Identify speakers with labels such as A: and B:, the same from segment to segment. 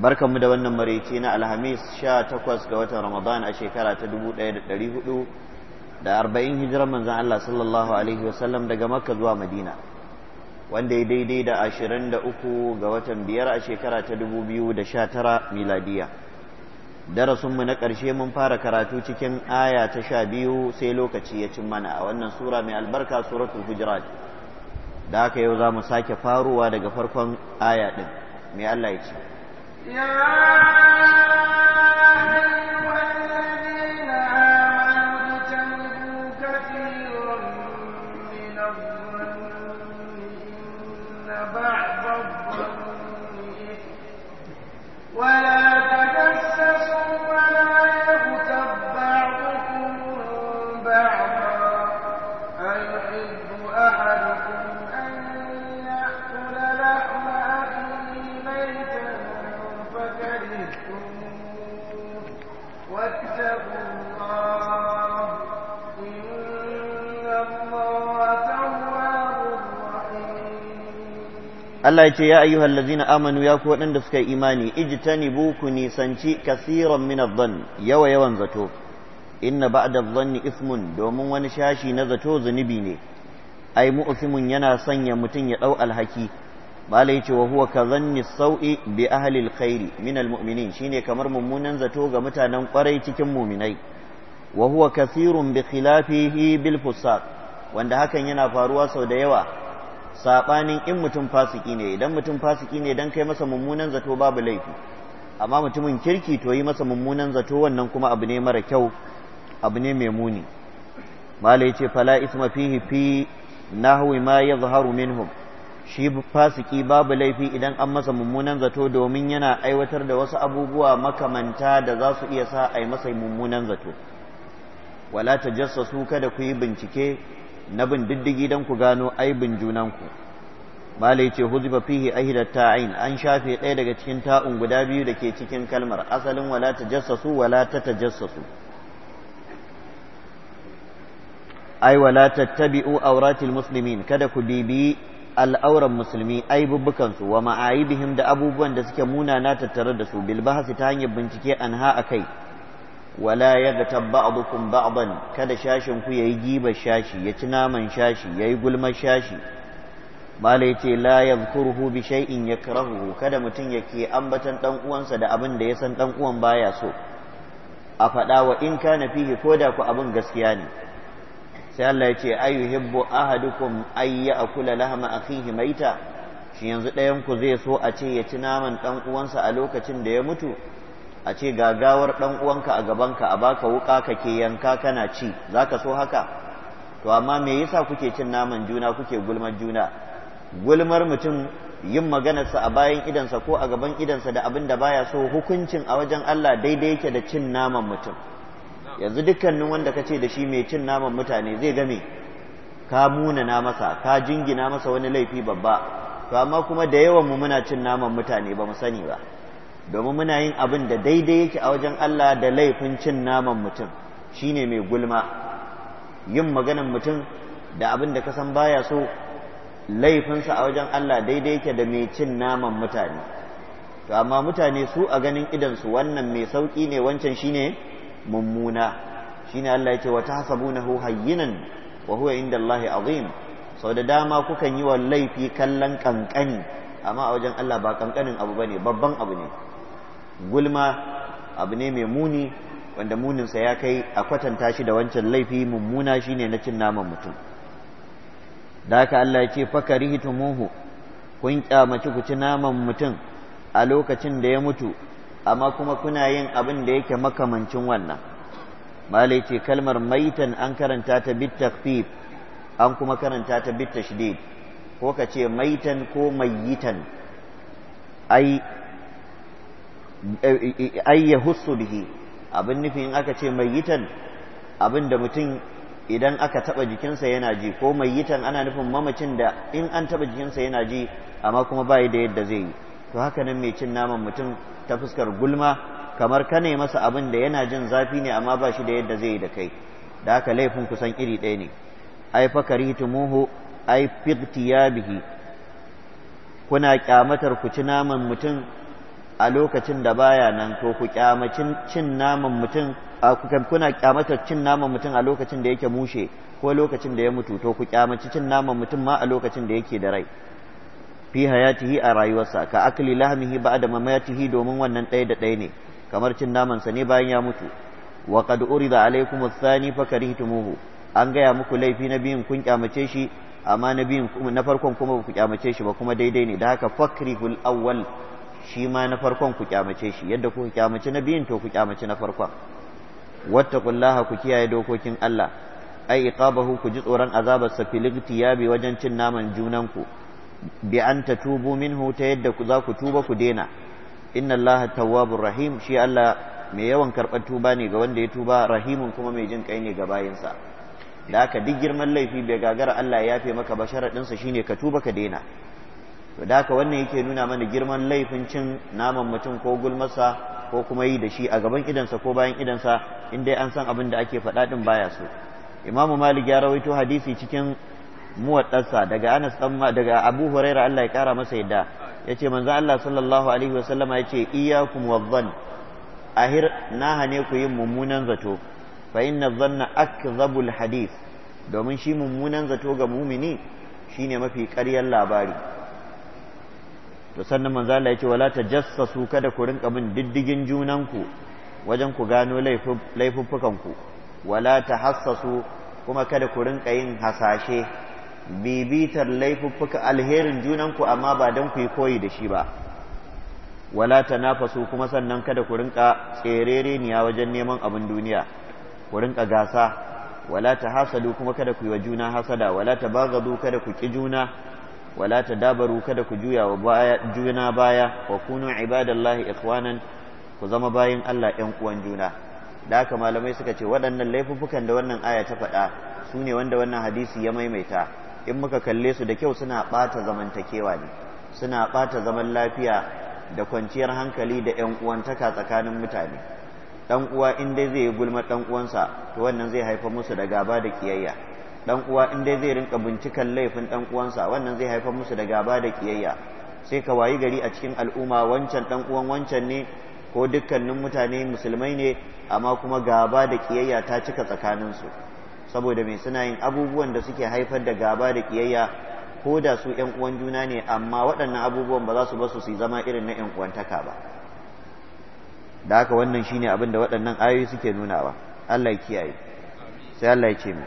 A: mu da wannan maraice na alhamis sha takwas ga watan ramadan a shekara ta dubu ɗaya da ɗari hudu da arba'in hijirar manzan Allah sallallahu alaihi wasallam daga makka zuwa madina wanda ya daidai da ashirin da uku ga watan biyar a shekara ta dubu biyu da sha tara miladiya darasinmu na ƙarshe mun fara karatu cikin aya ta sha biyu sai lokaci ya cin mana a wannan sura mai albarka suratul hujurat da haka yau za mu sake faruwa daga farkon aya ɗin mai Allah ya ce
B: يا أيها
A: Allah ya ce ya ayyuhal ladzina amanu ya ku waɗanda suka yi imani ijtanibu ku nisanci kasiran min adh-dhann yawa yawan zato inna ba'da adh-dhanni ismun domin wani shashi na zato zunubi ne ai mu'simun yana sanya mutum ya dau alhaki bala yace wa huwa kadhanni sau'i bi ahli al-khairi min al shine kamar mummunan zato ga mutanen kwarai cikin mu'minai wa huwa kathirun bi khilafihi bil fusaq wanda hakan yana faruwa sau da yawa Saɓanin in mutum fasiki ne idan mutum fasiki ne dan kai masa mummunan zato babu laifi amma mutumin kirki to yi masa mummunan zato wannan kuma abu ne mara kyau abu ne mai muni malai ce fala isma fihi fi nahwi ma yadhharu minhum shi fasiki babu laifi idan an masa mummunan zato domin yana aiwatar da wasu abubuwa makamanta da za su iya sa a yi masa mummunan zato wala tajassasu kada ku yi bincike na bin diddigi don ku gano aibin junanku malai ce huziba fihi ahidat ta'ain an shafe ɗaya daga cikin ta'un guda biyu da ke cikin kalmar asalin wala ta jassasu wala ta jassasu ai wala tattabi'u auratil muslimin kada ku bibi al'auran musulmi aibubbukansu, wa ma'aibihim da abubuwan da suke munana tattare da su bil bahasi ta hanyar bincike anha kai. wala a ba'dukum ba'aban, kada shashin ku yayi giba shashi ya ci naman shashi yayi gulma shashi mala yace la yadhkuruhu bi kira yakrahuhu kada mutum ya ke ambatan dan uwansa da abin da ya san ɗan'uwan uwan baya so a faɗa wa in kana ko koda ku abin gaskiya ne sai Allah yace ayuhibbu ahadukum ay ya'kula lahma akhihi maita shi yanzu ɗayan ku zai so a ce ya ci naman dan uwansa a lokacin da ya mutu a ce gagawar ɗan uwanka a gabanka a baka wuka kake yanka kana ci za ka so haka to amma me yasa kuke cin naman juna kuke gulmar juna gulmar mutum yin maganarsa a bayan idansa ko a gaban idansa da abin da baya so hukuncin a wajen Allah daidai yake da cin naman mutum yanzu dukkanin wanda ka ce da shi mai cin naman mutane zai game ka muna na masa ka jingina masa wani laifi babba to amma kuma da yawan mu muna cin naman mutane ba mu sani ba domin muna yin abin da daidai yake a wajen Allah da laifin cin naman mutum shine mai gulma yin maganan mutum da abin da ka baya so laifinsa a wajen Allah daidai yake da mai cin naman mutane to amma mutane su a ganin idansu wannan mai sauƙi ne wancan shine mummuna shine Allah yake wa tahsabunahu hayyinan wa huwa inda Allah azim sau da dama kukan yi wa laifi kallon kankani amma a wajen Allah ba kankanin abu bane babban abu ne gulma abu ne mai muni wanda muninsa ya kai a kwatanta shi da wancan laifi mummuna shi ne na cin naman mutum da haka Allah ya ce fakarihitumuhu kun kyamaci ku ci naman mutum a lokacin da ya mutu amma kuma kuna yin abin da yake makamancin wannan malai ce kalmar maitan an karanta ta bit an kuma karanta ta bit ko ka ce maitan ko mayitan ai ya husu bihi abin nufi in aka ce mayitan abin da mutum idan aka taba jikinsa yana ji ko mayitan ana nufin mamacin da in an taba jikinsa yana ji amma kuma bai da yadda zai yi to haka nan mai cin naman mutum ta fuskar gulma kamar ka ne masa abin da yana jin zafi ne amma ba shi da yadda zai yi da kai da haka laifin kusan iri ɗaya ne ai fakari muhu ai bihi kuna kyamatar ku ci naman mutum a lokacin da baya nan ko ku kyamacin cin naman mutum kuna kyamatar cin naman mutum a lokacin da yake mushe ko lokacin da ya mutu to ku kyamaci cin naman mutum ma a lokacin da yake da rai fi hayatihi a rayuwarsa ka akli lahmihi ba'da mamayatihi domin wannan ɗaya da ɗaya ne kamar cin naman sa ne bayan ya mutu wa qad urida alaykum ath-thani fakarihtumuhu an gaya muku laifi na biyun kun kyamace shi amma na biyun na farkon kuma ku kyamace shi ba kuma daidai ne da haka fakrihul awwal shi ma na farkon ku kyamace shi yadda kuka kyamace na biyun to ku kyamaci na farkon Wata wattaqullaha ku kiyaye dokokin Allah ai iqabahu ku ji tsoron azabar sa fil bi wajen cin naman junan ku bi an tatubu minhu ta yadda ku za ku tuba ku dena inna Allah tawwabur rahim shi Allah mai yawan karɓar tuba ne ga wanda ya tuba rahimun kuma mai jin kai ne ga bayinsa da haka duk girman laifi bai gagara Allah ya yafe maka ba sharaɗinsa shine ka tuba ka dena to da haka wannan yake nuna mana girman laifin cin naman mutum ko gulmasa ko kuma yi da shi a gaban idansa ko bayan idansa in dai an san abin da ake faɗa din baya so imamu malik ya rawaito hadisi cikin muwaddasa daga anas dan daga abu huraira Allah ya kara masa yadda yace manzo Allah sallallahu alaihi wasallam yace iyyakum wadhann ahir na hane ku yin mummunan zato fa inna dhanna akdhabul hadith domin shi mummunan zato ga mumini shine mafi ƙaryar labari to sannan manzo Allah yace wala tajassasu kada ku rinka bin diddigin junanku wajen ku gano laifuffukan ku wala tahassasu kuma kada ku rinka yin hasashe bibitar laifuffuka alherin junanku amma ba dan ku yi koyi da shi ba wala tanafasu kuma sannan kada ku rinka tserereniya wajen neman abin duniya ku rinka gasa wala tahasadu kuma kada ku yi wa juna hasada wala tabagadu kada ku ki juna wala تدابروا kada ku juya wa بايا juna baya wa kunu ibadallahi باين ku zama bayan Allah yan uwan juna da haka malamai suka ce waɗannan laifuffukan da wannan aya ta faɗa su ne wanda wannan hadisi ya maimaita in muka kalle su da kyau suna ɓata zamantakewa ne suna ɓata zaman lafiya da kwanciyar hankali da yan uwantaka tsakanin mutane dan uwa in dai zai yi gulma dan uwansa to wannan zai haifa musu da gaba da kiyayya dan uwa in dai zai rinka bincikan laifin dan uwansa wannan zai haifar musu da gaba da kiyayya sai ka wayi gari a cikin al'umma wancan dan uwan wancan ne ko dukkanin mutane musulmai ne amma kuma gaba da kiyayya ta cika tsakanin su saboda mai suna yin abubuwan da suke haifar da gaba da kiyayya ko da su yan uwan juna ne amma waɗannan abubuwan ba za su basu su zama irin na yan uwantaka ba da haka wannan shine abin da waɗannan ayoyi suke nunawa Allah ya kiyaye sai Allah ya ce mu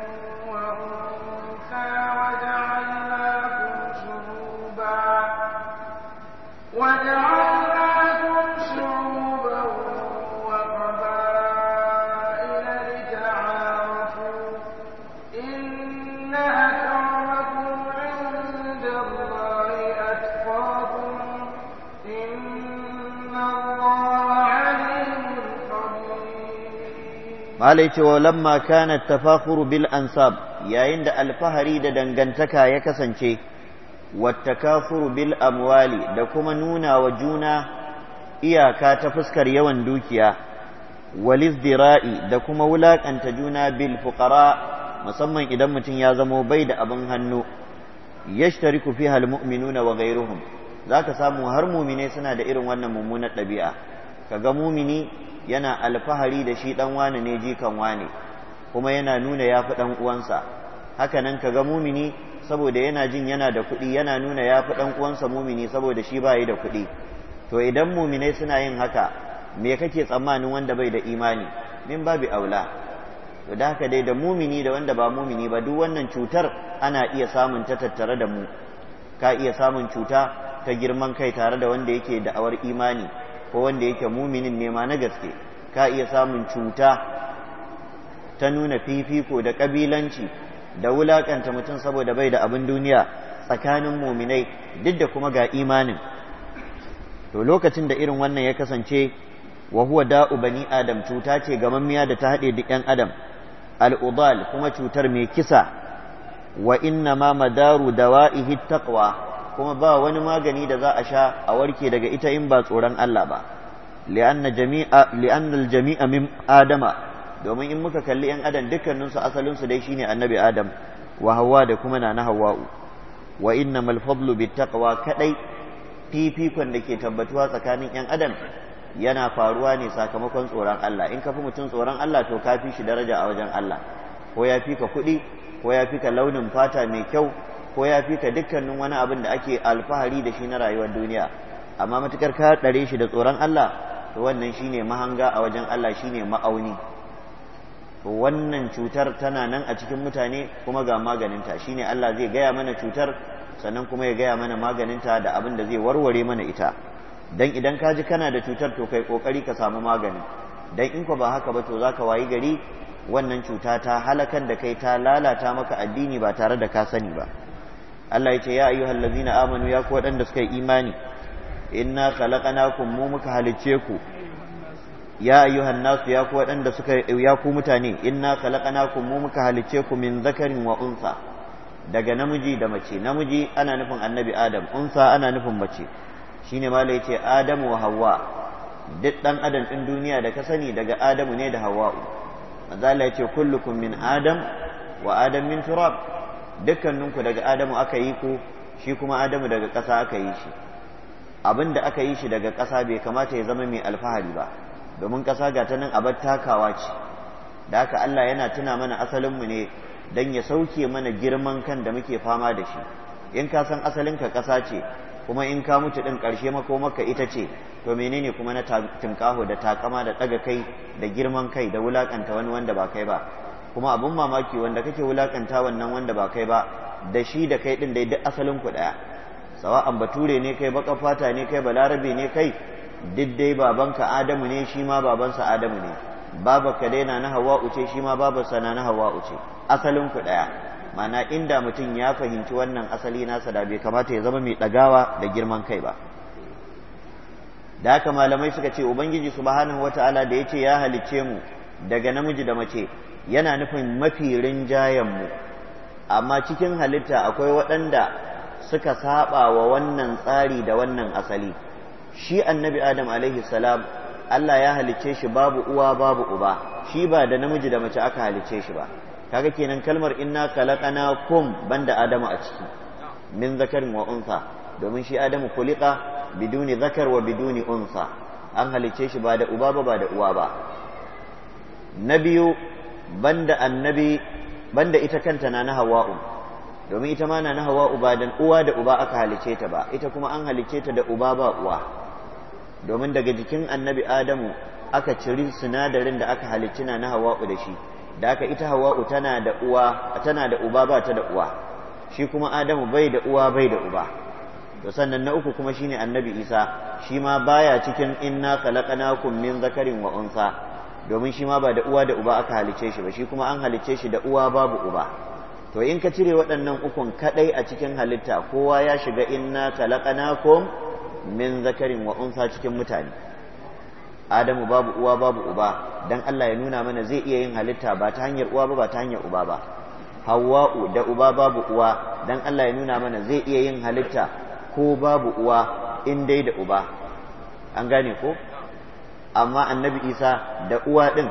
A: malai cewa lamma kana bil ansab yayin da alfahari da dangantaka ya kasance wattakafuru bil amwali da kuma nuna wa juna iyaka ta fuskar yawan dukiya walizdira'i da kuma wulakanta juna bil fuqara musamman idan mutum ya zamo bai da abin hannu yashtariku fiha al na wa ghayruhum zaka samu har mu'mine suna da irin wannan mummunar ɗabi'a Ka ga mumini yana alfahari da shi dan wane ne jikan wane kuma yana nuna ya fi dan uwansa haka nan ka ga mumini saboda yana jin yana da kuɗi yana nuna ya fi dan uwansa mumini saboda shi ba da kuɗi to idan muminai suna yin haka me kake tsammanin wanda bai da imani min babi aula to da haka dai da mumini da wanda ba mumini ba duk wannan cutar ana iya samun ta tattare da mu ka iya samun cuta ta girman kai tare da wanda yake da'awar imani ko wanda yake muminin ne ma na gaske ka iya samun cuta ta nuna fifiko da kabilanci da wulakanta mutum saboda bai da abin duniya tsakanin muminai duk da kuma ga imanin to lokacin da irin wannan ya kasance wa huwa da'u bani adam cuta ce gamammiya da ta haɗe duk 'yan adam al'udal kuma cutar mai kisa wa inna ma madaru dawa'ihi taqwa kuma ba wani magani da za a sha a warke daga ita in ba tsoron Allah ba li'anna jami'a min adama domin in muka kalli yan adam dukkanin su asalin su dai shine annabi adam wa hawa da kuma nana hawa'u wa innamal fadlu bittaqwa kadai fifikon da ke tabbatuwa tsakanin yan adam yana faruwa ne sakamakon tsoron Allah in ka fi mutum tsoron Allah to ka fi shi daraja a wajen Allah ko ya fi ka kuɗi ko ya fi ka launin fata mai kyau ko ya fi ka dukkanin wani abin da ake alfahari da shi na rayuwar duniya amma matukar ka ɗare shi da tsoron Allah to wannan shine mahanga a wajen Allah shine ma'auni wannan cutar tana nan a cikin mutane kuma ga maganinta shine Allah zai gaya mana cutar sannan kuma ya gaya mana maganinta da abin da zai warware mana ita dan idan ka ji kana da cutar to kai kokari ka samu magani dan in ko ba haka ba to zaka wayi gari wannan cuta ta halakan da kai ta lalata maka addini ba tare da ka sani ba Allah ya ce ya ayyuhal ladzina amanu ya ku wadanda suka yi imani inna khalaqnakum mu muka halicce ku ya ayyuhan nasu ya ku wadanda suka ya ku mutane inna khalaqnakum mu muka halicce ku min zakarin wa unsa daga namiji da mace namiji ana nufin annabi adam unsa ana nufin mace shine malai ce adamu wa hawwa duk dan adam din duniya da ka sani daga adamu ne da hawwa manzo Allah ce kullukum min adam wa adam min turab dukkaninku daga adamu aka yi ku shi kuma adamu daga ƙasa aka yi shi abin da aka yi shi daga ƙasa bai kamata ya zama mai alfahari ba domin ƙasa ga ta nan abar takawa ce da haka Allah yana tuna mana asalinmu ne don ya sauke mana girman kan da muke fama da shi in ka san asalinka ƙasa ce kuma in ka mutu ɗin ƙarshe maka ita ce to menene kuma na tunƙaho da takama da ɗaga kai da girman kai da wulaƙanta wani wanda ba kai ba kuma abin mamaki wanda kake wulakanta wannan wanda ba kai ba da shi da kai din dai duk asalin ku daya an bature ne kai baka fata ne kai balarabe ne kai duk dai babanka adamu ne shi ma babansa adamu ne babarka dai na na hawa uce shi ma babarsa na na hawa uce asalin ku daya mana inda mutum ya fahimci wannan asali nasa da bai kamata ya zama mai dagawa da girman kai ba da haka malamai suka ce ubangiji subhanahu wataala da yace ya halicce mu daga namiji da mace yana nufin mafi rinjayenmu amma cikin halitta akwai waɗanda suka saba wa wannan tsari da wannan asali shi annabi adam alaihi salam Allah ya halicce shi babu uwa babu uba shi ba da namiji da mace aka halicce shi ba kaga kenan kalmar inna khalaqana kum banda adamu a ciki min zakarin wa unsa domin shi adamu kulika biduni zakar wa biduni unsa an halicce shi ba da uba ba ba da uwa ba na biyu banda annabi banda ita kanta na na hawa'u domin ita ma na na hawa'u ba dan uwa da uba aka halice ta ba ita kuma an halice ta da uba ba uwa domin daga jikin annabi adamu aka ciri sinadarin da aka halicci na na hawa'u da shi da aka ita hawa'u tana da uwa tana da uba ba ta da uwa shi kuma adamu bai da uwa bai da uba To sannan na uku kuma shine annabi isa shi ma baya cikin inna khalaqnakum min zakarin wa unsa domin shi ma ba da uwa da uba aka halicce shi ba shi kuma an halicce shi da uwa babu uba to in ka cire waɗannan ukun kaɗai a cikin halitta kowa ya shiga inna khalaqnakum min zakarin wa unsa cikin mutane adamu babu uwa babu uba dan Allah ya nuna mana zai iya yin halitta ba ta hanyar uwa ba ba ta hanyar uba ba hawwa'u da uba babu uwa dan Allah ya nuna mana zai iya yin halitta ko babu uwa in dai da uba an gane ko amma annabi isa da uwa din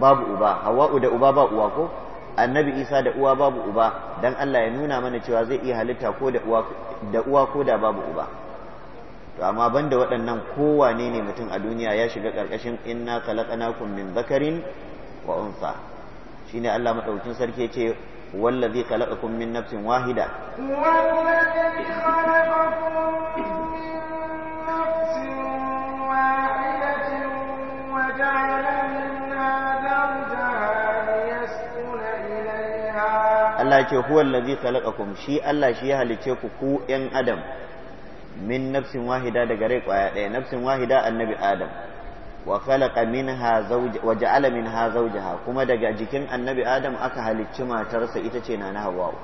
A: babu uba hawa'u da uba ba uwa ko annabi isa da uwa babu uba dan Allah ya nuna mana cewa zai iya halitta ko da uwa da ko da babu uba to amma banda waɗannan kowane ne mutum a duniya ya shiga ƙarƙashin inna khalaqnakum min zakarin wa unsa shine Allah maɗaukin sarki yace wallazi khalaqakum min nafsin wahida
B: wallazi khalaqakum min nafsin wahida
A: Allah ce huwa allazi khalaqakum shi Allah shi ya halice ku ku yan adam min nafsin wahida daga rai kwaya ɗaya nafsin wahida annabi adam wa khalaqa minha zawj wa ja'ala minha zawjaha kuma daga jikin annabi adam aka halicci matarsa ita ce na hauwa.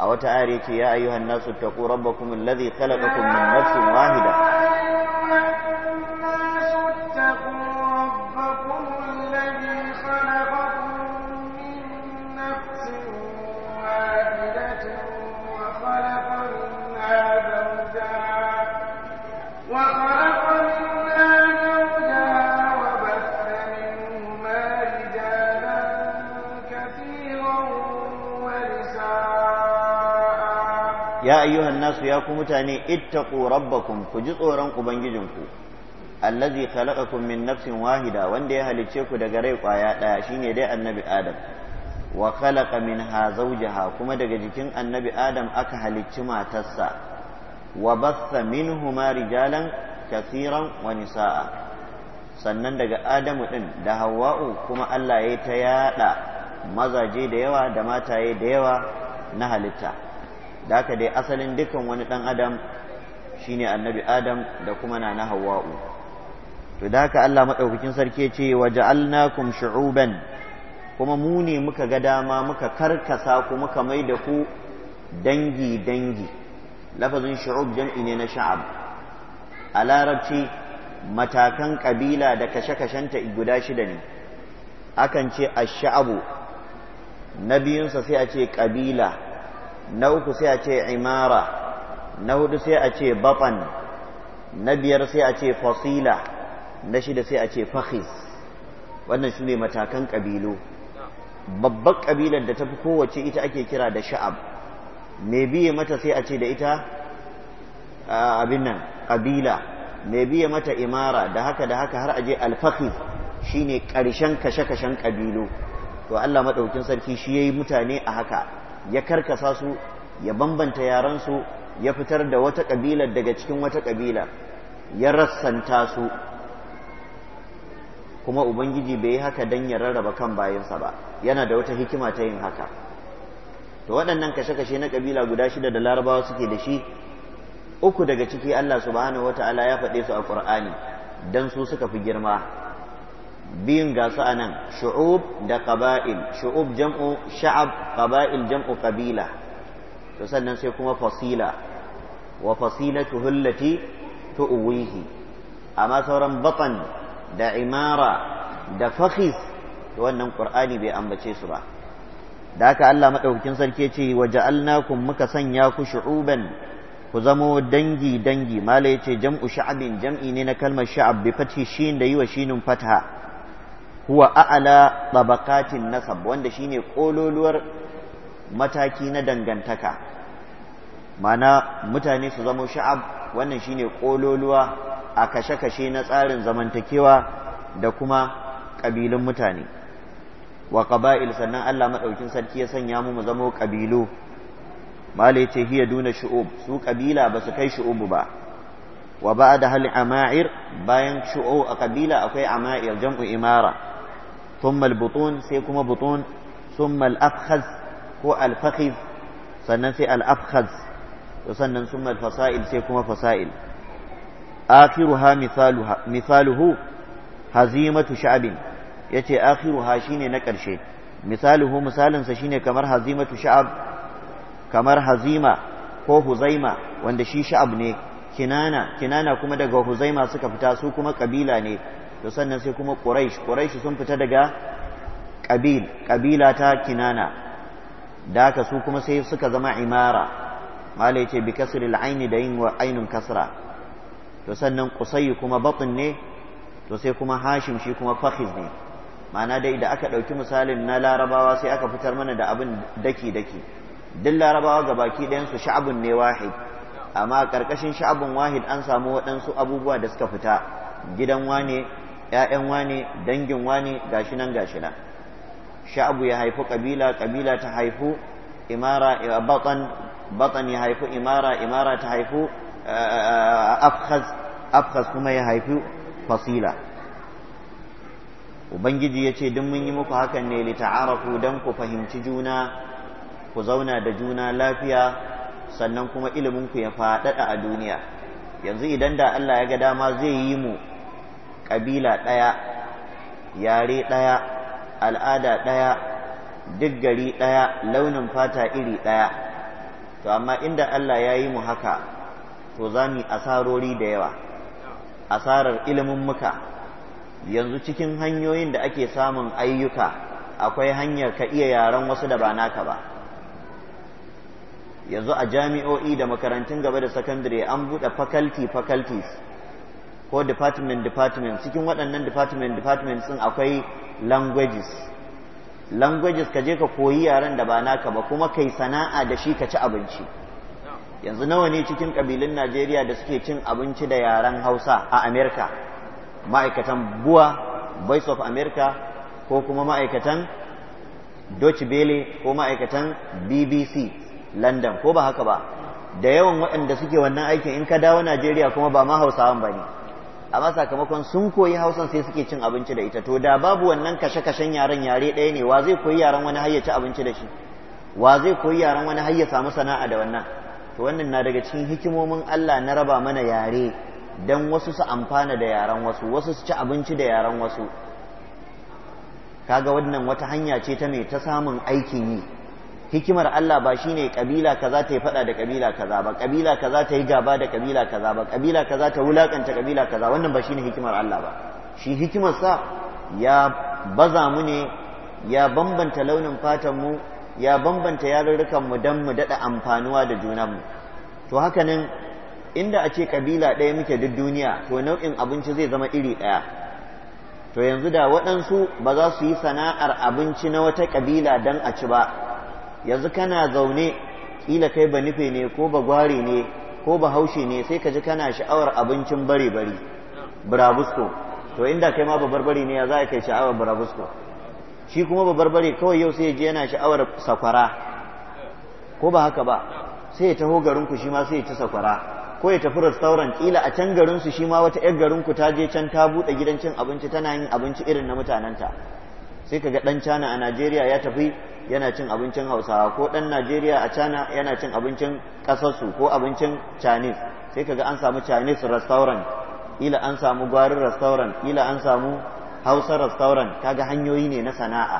A: a wata ayar yace ya ayyuhan nasu taqu rabbakum allazi khalaqakum min nafsin wahida ya ayyuhan nasu ya ku mutane ittaqu rabbakum ku ji tsoron ubangijinku allazi khalaqakum min nafsin wahida wanda ya halicce ku daga rai kwaya daya shine dai annabi adam wa khalaqa minha zawjaha kuma daga jikin annabi adam aka halicci matarsa wa min minhuma rijalan kasiran wa nisaa sannan daga adamu din da hauwa'u kuma Allah yayi ta yada mazaje da yawa da mataye da yawa na halitta da haka dai asalin dukkan wani ɗan adam shine annabi adam da kuma na na hawa'u to da haka Allah maɗaukakin sarki ce waje alnakun shu'uban kuma mu ne muka ga dama muka karkasa ku muka mai da ku dangi dangi lafazin shu'ub jam'i ne na sha'ab a larabci matakan kabila da kashe-kashenta guda shida ne akan ce a shaabu na biyunsa sai a ce kabila na uku sai a ce imara na hudu sai a ce batan na biyar sai a ce fasila na shida sai a ce fahis wannan shi ne matakan ƙabilu babbar ƙabilar da ta fi kowace ita ake kira da sha'ab mai biye mata sai a ce da ita abin nan kabila mai biye mata imara da haka da haka har aje alfahis shine ƙarshen kashe-kashen ƙabilu to Allah maɗaukin sarki shi ya yi mutane a haka ya karkasa su ya bambanta yarensu ya fitar da wata ƙabila daga cikin wata ƙabila ya rassanta su kuma ubangiji bai yi haka don ya rarraba kan bayansa ba yana da wata hikima ta yin haka to waɗannan kashe-kashe na ƙabila guda shida da larabawa suke da shi uku daga ciki allah subhanahu wata'ala ya faɗe su a ƙur'ani don su suka fi girma biyun gasu a nan shu'ub da ƙaba'il shu'ub jam'u sha'ab ƙaba'il jam'u ƙabila to sannan sai kuma fasila wa fasilatu hullati tu'wihi amma sauran batan da imara da fakhis to wannan qur'ani bai ambace su ba da haka Allah madaukakin sarki ce wa ja'alnakum muka sanya ku shu'uban ku zamo dangi dangi mala yace jam'u sha'abin jam'i ne na kalmar sha'ab bi fathi shin da yiwa shinun fatha huwa a'ala tabaqatin nasab wanda shine kololuwar mataki na dangantaka mana mutane su zama sha'ab wannan shine kololuwa a kashe-kashe na tsarin zamantakewa da kuma kabilun mutane wa qaba'il sannan Allah madaukin sarki ya sanya mu mu zama kabilu malai ce hiya duna shu'ub su kabila ba su kai shu'ub ba wa ba'da hal ama'ir bayan shu'u a kabila akwai ama'ir jam'u imara thumma al-butun sai kuma butun thumma al ko al sannan sai al sannan thumma fasail sai kuma fasail akhiruha mithaluha mithaluhu hazimatu sha'bin yace akhiruha shine na ƙarshe misaluhu misalinsa shine kamar hazimatu sha'ab kamar hazima ko huzaima wanda shi sha'ab ne kinana kinana kuma daga huzaima suka fita su kuma ƙabila ne to sannan sai kuma quraish quraish sun fita daga qabil qabila ta kinana da haka su kuma sai suka zama imara malai ce bi kasri al da yin ainun kasra to sannan qusay kuma batn ne to sai kuma hashim shi kuma fakhiz ne ma'ana dai da aka ɗauki misalin na larabawa sai aka fitar mana da abin daki daki duk larabawa ga baki ɗayan su sha'abun ne wahid amma a ƙarƙashin sha'abun wahid an samu waɗansu abubuwa da suka fita gidan wane ya'yan wani dangin wani gashi nan gashi nan sha'abu ya haifi kabila kabila ta haifu imara eh, batan batan ya haifi imara imara ta haifu eh, eh, afkhaz afkhaz kuma ya haifi fasila ubangiji ya ce duk mun yi muku hakan ne li ta'arafu dan ku fahimci juna ku zauna da juna lafiya sannan kuma ilimin ku ya faɗaɗa a duniya yanzu idan da Allah ya ga dama zai yi mu ƙabila ɗaya yare ɗaya al'ada ɗaya duk gari ɗaya launin fata iri ɗaya to amma inda Allah ya yi mu haka to za mu asarori da yawa asarar ilimin muka yanzu cikin hanyoyin da ake samun ayyuka akwai hanyar ka iya yaren wasu da ba naka ba yanzu a jami'o'i da makarantun gaba da sakandare an buɗe faculty faculties ko department department cikin waɗannan department department sun akwai languages languages ka je ka koyi yaren da ba naka ba kuma kai sana'a da shi ka ci abinci yanzu nawa ne cikin kabilun Najeriya da suke cin abinci da yaren Hausa a America ma'aikatan buwa Voice of America ko kuma ma'aikatan Deutsche Welle ko ma'aikatan BBC London ko ba haka ba da yawan waɗanda suke wannan aikin in ka dawo Najeriya kuma ba ma Hausawan ba ne amma sakamakon sun koyi hausan sai suke cin abinci da ita to da babu wannan kashe-kashen yaren yare ɗaya ne wa zai koyi yaren wani har ya ci abinci da shi wa zai koyi yaren wani har ya samu sana'a da wannan to wannan na daga cikin hikimomin Allah na raba mana yare dan wasu su amfana da yaren wasu wasu su ci abinci da yaren wasu kaga wannan wata hanya ce ta mai ta samun aikin yi hikimar Allah ba shi shine ka kaza ta yi fada da ka kaza ba ka kaza ta yi gaba da kabila kaza ba ka kaza ta ƙabila kabila kaza wannan ba shi ne hikimar Allah ba shi hikimar sa ya baza mu ne ya bambanta launin fatan mu ya bambanta yarurrukan mu dan mu daɗa amfanuwa da junan to haka inda a ce kabila ɗaya muke duk duniya to nau'in abinci zai zama iri ɗaya to yanzu da waɗansu ba za su yi sana'ar abinci na wata ƙabila don a ci ba yanzu kana zaune kila kai ba nufe ne ko ba gware ne ko ba haushe ne sai ka ji kana sha'awar abincin bare bare burabusko to inda kai ma ba barbare ne ya za a kai sha'awar burabusko shi kuma ba barbare kawai yau sai ya yana sha'awar sakwara ko ba haka ba sai ya taho garinku ku shi ma sai ya ci sakwara ko ya tafi restaurant kila a can garinsu shi ma wata 'yar garinku ta je can ta buɗe gidan cin abinci tana yin abinci irin na mutanenta sai ka ga ɗan cana a najeriya ya tafi yana cin abincin hausawa ko dan najeriya a cana yana cin abincin kasarsu ko abincin canis sai ka ga an samu chinese restaurant ila an samu gwarin restaurant ila an samu hausa restaurant kaga hanyoyi ne na sana'a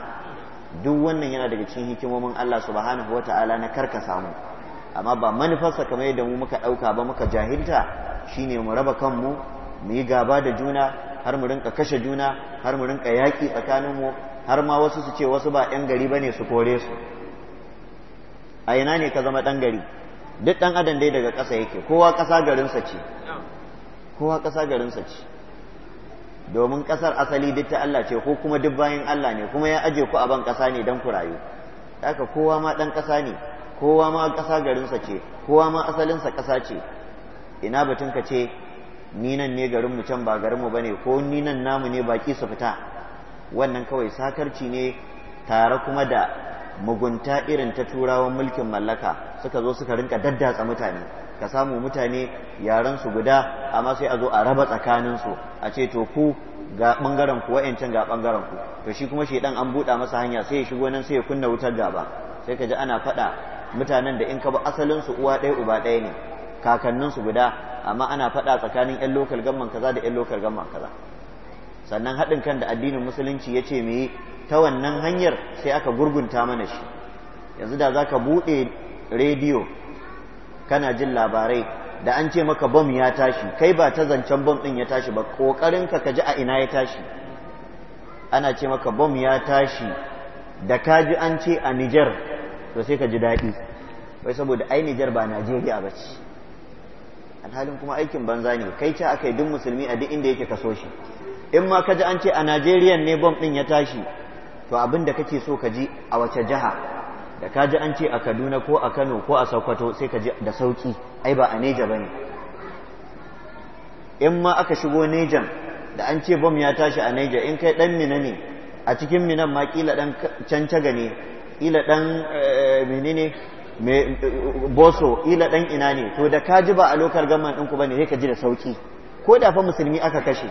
A: duk wannan yana daga cikin hikimomin allah subhanahu ta'ala na karka samu amma ba manufarsa kamar yadda mu muka ɗauka ba muka jahilta shine mu raba kanmu mu yi gaba da juna har mu rinka kashe juna har mu rinka yaƙi tsakaninmu har ma wasu su ce wasu ba ɗan gari ba ne su kore su a ina ne ka zama ɗan gari duk ɗan adam dai daga ƙasa yake kowa ƙasa garinsa ce kowa ƙasa garinsa ce domin ƙasar asali duk ta Allah ce ko kuma duk bayan Allah ne kuma ya aje ku a ban ƙasa ne don ku rayu haka kowa ma ɗan ƙasa ne kowa ma ƙasa garinsa ce kowa ma asalinsa ƙasa ce ina batun ka ce ni ne garinmu can ba garinmu ba ne ko ni namu ne baki su fita wannan kawai sakarci ne tare kuma da mugunta irin ta turawan mulkin mallaka suka zo suka rinka daddatsa mutane ka samu mutane yaran su guda amma sai a zo a raba tsakanin su a ce to ku ga bangaren ku wa'ancan ga bangaren ku to shi kuma shedan an buɗa masa hanya sai ya shigo nan sai ya kunna wutar gaba sai ka ji ana faɗa mutanen da in ka bi asalin su uwa ɗaya uba ɗaya ne kakannin su guda amma ana faɗa tsakanin yan local gamman kaza da yan local gamman kaza sannan haɗin kan da addinin musulunci ya ce me ta wannan hanyar sai aka gurgunta mana shi yanzu da za ka buɗe rediyo kana jin labarai da an ce maka bom ya tashi kai ba ta zancen bom ɗin ya tashi ba ƙoƙarin ka ji a ina ya tashi ana ce maka bom ya tashi da ka ji an ce a Nijar to sai ka ji daɗi wai saboda ai Nijar ba Najeriya ba ce alhalin kuma aikin banza ne kai ce aka yi duk musulmi a duk inda yake kaso shi in ma ka ji an ce a Najeriya ne bom ɗin ya tashi to abin da kake so ka ji a wace jiha da ka an ce a Kaduna ko a Kano ko a Sokoto sai ka ji da sauki ai ba a Neja bane in ma aka shigo Nejan da an ce bom ya tashi a Neja in kai ɗan Mina ne a cikin Minan ma kila dan cancaga ne kila dan eh, ne boso ila dan ina ne to da kaji ba a lokal gaman ɗinku ba ne sai ka ji da sauki ko da fa musulmi aka kashe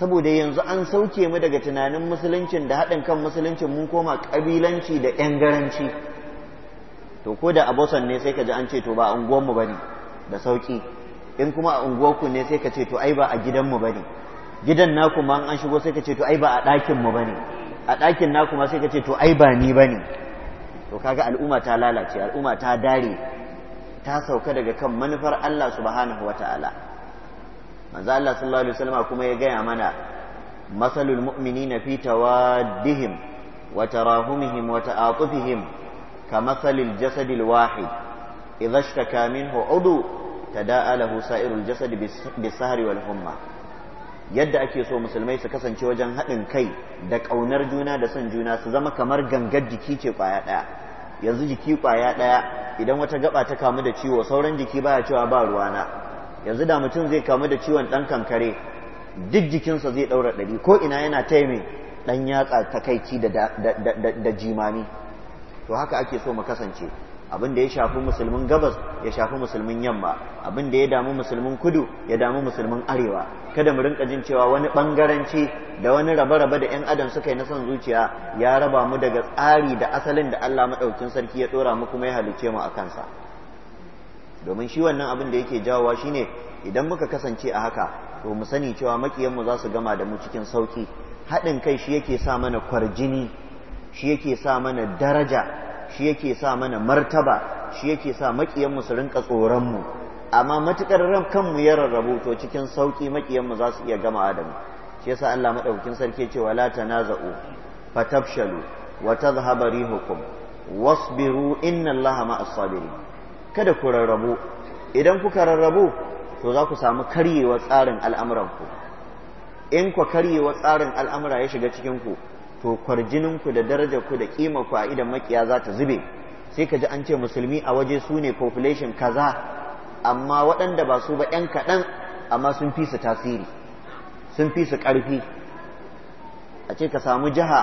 A: saboda yanzu an sauke mu daga tunanin musuluncin da haɗin kan musuluncin mun koma ƙabilanci da 'yan garanci to ko da abosan ne sai ka ji an ce to ba a unguwanmu ba ne da sauƙi in kuma a unguwarku ne sai ka ce to ai ba a gidanmu ba ne gidan naku ma an shigo sai ka ce to ai ba a ɗakinmu ba ne a ɗakin naku ma sai ka ce to ai ba ni ba ne to kaga al'umma ta lalace al'umma ta dare ta sauka daga kan manufar Allah subhanahu wa ta'ala manzo Allah sallallahu alaihi wasallam kuma ya gaya mana masalul mu'minina fi tawaddihim wa tarahumihim wa ta'atufihim kamasalil jasadil wahid idza ishtaka minhu udu tada'a lahu sa'irul jasad bisahri wal humma yadda ake so musulmai su kasance wajen haɗin kai da ƙaunar juna da son juna su zama kamar gangar jiki ce ƙwaya ɗaya yanzu jiki ƙwaya ɗaya idan wata gaba ta kamu da ciwo sauran jiki baya cewa ba ruwana yanzu da mutum zai kamu da ciwon ɗan kankare duk jikinsa zai ɗaura ɗari ko ina yana taimi ɗan yatsa takaici da jimami to haka ake so mu kasance abin da ya shafi musulmin gabas ya shafi musulmin yamma abin da ya damu musulmin kudu ya damu musulmin arewa kada mu rinka jin cewa wani bangaranci da wani rabe-rabe da 'yan adam suka yi na son zuciya ya raba mu daga tsari da asalin da Allah maɗaukin sarki ya ɗora mu kuma ya halicce mu a kansa domin shi wannan abin da yake jawowa shine idan muka kasance a haka to mu sani cewa mu za su gama da mu cikin sauki haɗin kai shi yake sa mana kwarjini shi yake sa mana daraja shi yake sa mana martaba shi yake sa mu su rinka mu amma matukar ran kanmu ya rarrabu to cikin sauki mu za su iya gama da mu shi yasa Allah madaukakin sarki ce wala tanaza'u fatafshalu wa tadhhabu rihukum wasbiru inna Allaha ma'as sabirin kada ku rarrabu idan kuka rarrabu to za ku samu karyewa tsarin al'amuranku in ku karyewa tsarin al'amura ya shiga cikinku to kwarjininku da darajarku da ƙimaku a idan makiya za ta zube sai ka ji an ce musulmi a waje su ne population kaza amma waɗanda ba su ba ‘yan kaɗan amma sun fi su tasiri sun fi su ƙarfi a ce ka samu jiha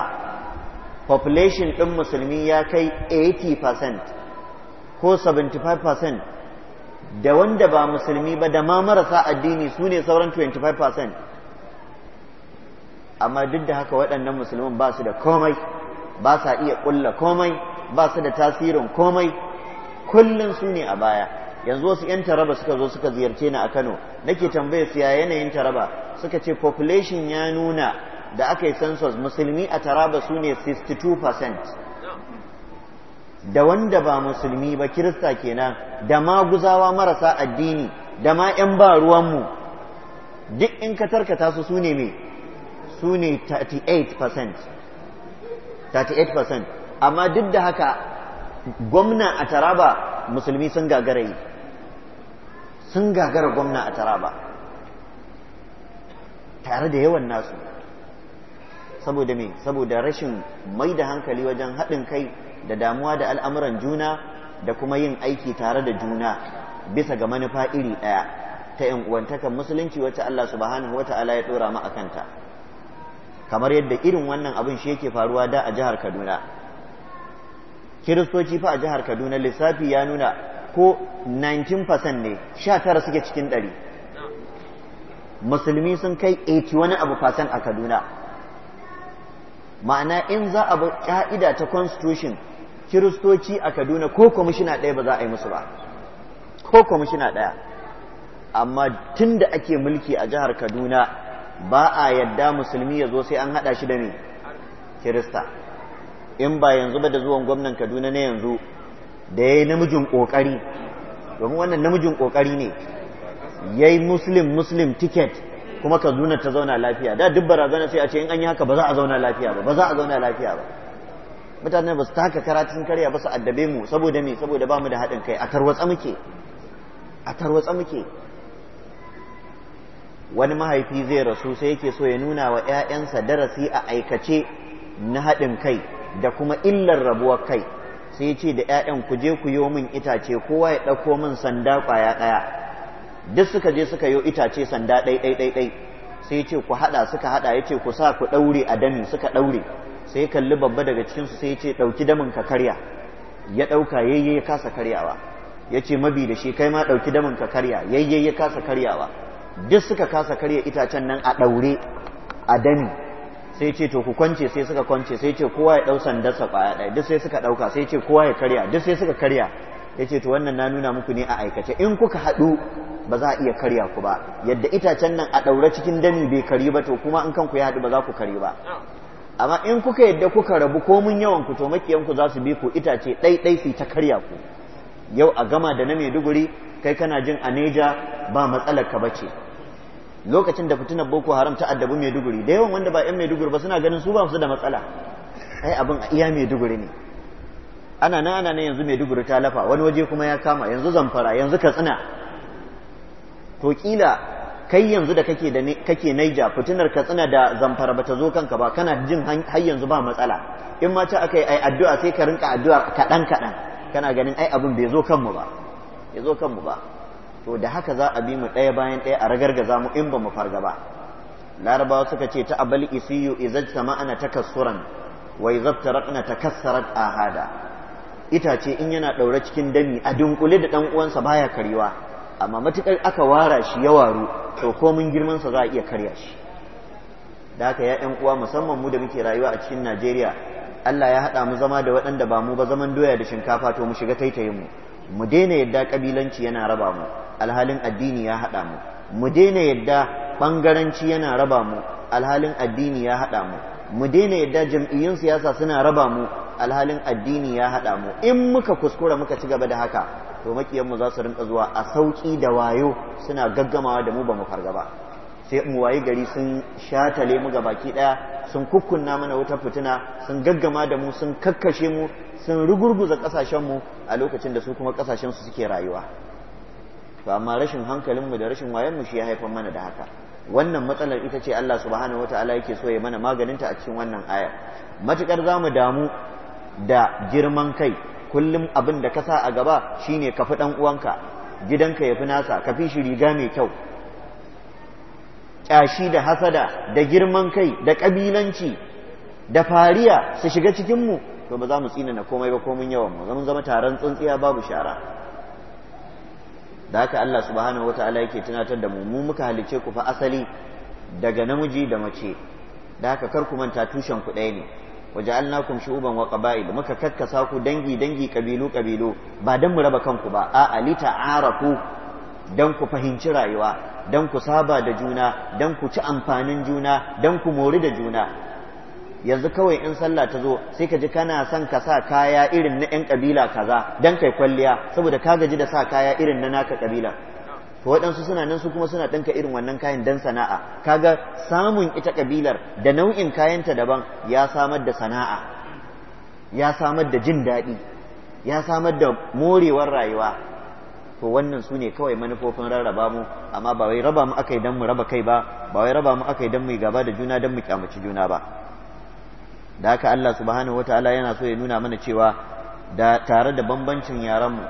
A: population ɗin musulmi ya kai 80% ko 75% da wanda ba musulmi ba da ma marasa addini su ne sauran 25% amma duk da haka waɗannan musulman ba su da komai ba sa iya ƙulla komai ba su da tasirin komai kullum su ne a baya yanzu wasu 'yan taraba suka zo suka ziyarce ni a kano nake tambaye su ya yanayin taraba suka ce population ya nuna da aka yi census musulmi a taraba su ne 62% da wanda ba musulmi ba kirista kenan da ma guzawa marasa addini da ma 'yan ba ruwanmu duk in ka tarkata su su ne me su ne 38% 38% amma duk da haka gwamna a taraba musulmi sun gagara yi sun gagara gwamna a taraba tare da yawan nasu saboda me saboda rashin mai da hankali wajen haɗin kai da damuwa da al'amuran juna da kuma yin aiki tare da juna bisa ga manufa iri ɗaya ta ‘yan uwantakan musulunci wacce Allah subhanahu wa ta'ala ya ɗora mu a kanta kamar yadda irin wannan abin shi yake faruwa da a jihar Kaduna kiristoci fa a jihar Kaduna lissafi ya nuna ko 19% ne sha tara suke cikin ɗari musulmi sun kai 80 wani abu fasan a Kaduna ma'ana in za a bi ƙa'ida ta constitution kiristoci a kaduna ko kwamishina ɗaya ba za a yi musu ba ko kwamishina ɗaya amma tun da ake mulki a jihar kaduna ba a yadda musulmi ya zo sai an haɗa shi da ne kirista in ba yanzu ba da zuwan gwamnan kaduna na yanzu da ya yi namijin ƙoƙari domin wannan namijin ƙoƙari ne ya yi muslim muslim tiket kuma kaduna ta zauna lafiya da duk barazana sai a ce in an yi haka ba za a zauna lafiya ba ba za a zauna lafiya ba mutane ba su taka karatun karya ba su addabe mu saboda me saboda ba mu da haɗin kai a tarwatsa muke a tarwatsa muke wani mahaifi zai rasu sai yake so ya nuna wa 'ya'yansa darasi a aikace na haɗin kai da kuma illar rabuwar kai sai ce da 'ya'yan ku je ku yo min itace kowa ya ɗauko min sanda ƙwaya ɗaya duk suka je suka yo itace sanda ɗaiɗaiɗai ɗai ɗai sai ce ku haɗa suka haɗa ya ce ku sa ku ɗaure a dami suka ɗaure sai kalli babba daga cikinsu sai ya ce ɗauki damin ka karya ya ɗauka yayye ya kasa karyawa ya ce mabi da shi kai ma ɗauki damin ka karya yayye ya kasa karyawa duk suka kasa karya itacen nan a ɗaure a dami sai ce to ku kwance sai suka kwance sai ce kowa ya ɗau sandarsa ƙwaya ɗaya duk sai suka ɗauka sai ce kowa ya karya duk sai suka karya ya ce to wannan na nuna muku ne a aikace in kuka haɗu ba za a iya karya ku ba yadda itacen nan a ɗaure cikin dami bai kari ba to kuma in kanku ya haɗu ba za ku kari ba amma in kuka yadda kuka rabu ko mun yawan ku to makiyanku za su bi ku itace ɗai su ta karya ku yau a gama da na maiduguri kai kana jin a ba matsalar ka bace lokacin da fitinar boko haram ta addabi maiduguri da yawan wanda ba yan maiduguri ba suna ganin su ba su da matsala ai abin a iya maiduguri ne ana nan ana nan yanzu maiduguri ta lafa wani waje kuma ya kama yanzu zamfara yanzu katsina to kila kai yanzu da kake da kake naija fitinar ka tsina da zamfara bata zo kanka ba kana jin har yanzu ba matsala in ma ta akai ai addu'a sai ka rinka addu'a kaɗan kaɗan kana ganin ai abin bai zo kanmu ba ya zo kanmu ba to da haka za a bi mu ɗaya bayan ɗaya a ragargaza mu in ba mu farga ba larabawa suka ce ta abal isiyu izaj ana takassuran wa izab takassarat ahada itace in yana ɗaure cikin dami a dunkule da ɗan uwansa baya karewa. amma matuƙar aka wara shi ya waru to komin girman sa za a iya karya shi da haka ya ƴan uwa musamman mu da muke rayuwa a cikin Najeriya Allah ya haɗa mu zama da waɗanda ba mu ba zaman doya da shinkafa to mu shiga taitayin mu mu daina yadda kabilanci yana raba mu alhalin addini ya haɗa mu mu daina yadda bangaranci yana raba mu alhalin addini ya haɗa mu mu daina yadda jam'iyyun siyasa suna raba mu alhalin addini ya haɗa mu in muka kuskura muka ci gaba da haka to makiyanmu za su rinka zuwa a sauki da wayo suna gaggamawa da mu ba mu farga ba sai mu wayi gari sun shatale mu ga baki daya sun kukkunna mana wuta fitina sun gaggama da mu sun kakkashe mu sun rugurguza kasashen mu a lokacin da su kuma kasashen su suke rayuwa to amma rashin hankalin mu da rashin wayan mu shi ya haifar mana da haka wannan matsalar ita ce Allah subhanahu wataala yake so ya mana maganinta a cikin wannan aya matukar zamu damu da girman kai kullum abin da ka sa a gaba shine ka fi dan uwanka gidanka ya fi nasa ka fi shi riga mai kyau ƙyashi da hasada da girman kai da ƙabilanci da fariya su shiga cikinmu to ba za mu tsina na komai ba komin yawan mu zama zama taron tsuntsiya babu shara da haka Allah subhanahu ta'ala yake tunatar da mu mu muka halice ku fa asali daga namiji da mace da haka kar ku manta tushen ku ɗaya ne waja'alnakum shu'uban wa qaba'il muka kakkasa ku dangi dangi kabilu kabilu ba dan mu raba kanku ba a lita arafu dan ku fahimci rayuwa dan ku saba da juna dan ku ci amfanin juna dan ku mori da juna yanzu kawai in sallah ta zo sai ka ji kana son ka sa kaya irin na 'yan kabila kaza dan kai kwalliya saboda ka gaji da sa kaya irin na naka kabila waɗansu suna nan su kuma suna ɗinka irin wannan kayan dan sana'a kaga samun ita ƙabilar da nau'in kayanta daban ya samar da sana'a ya samar da jin daɗi ya samar da morewar rayuwa to wannan su ne kawai manufofin rarraba mu amma ba wai raba mu aka yi don mu raba kai ba ba wai raba mu aka yi don mu yi gaba da juna don mu kyamaci juna ba da haka Allah subhanahu ala yana so ya nuna mana cewa da tare da bambancin yaranmu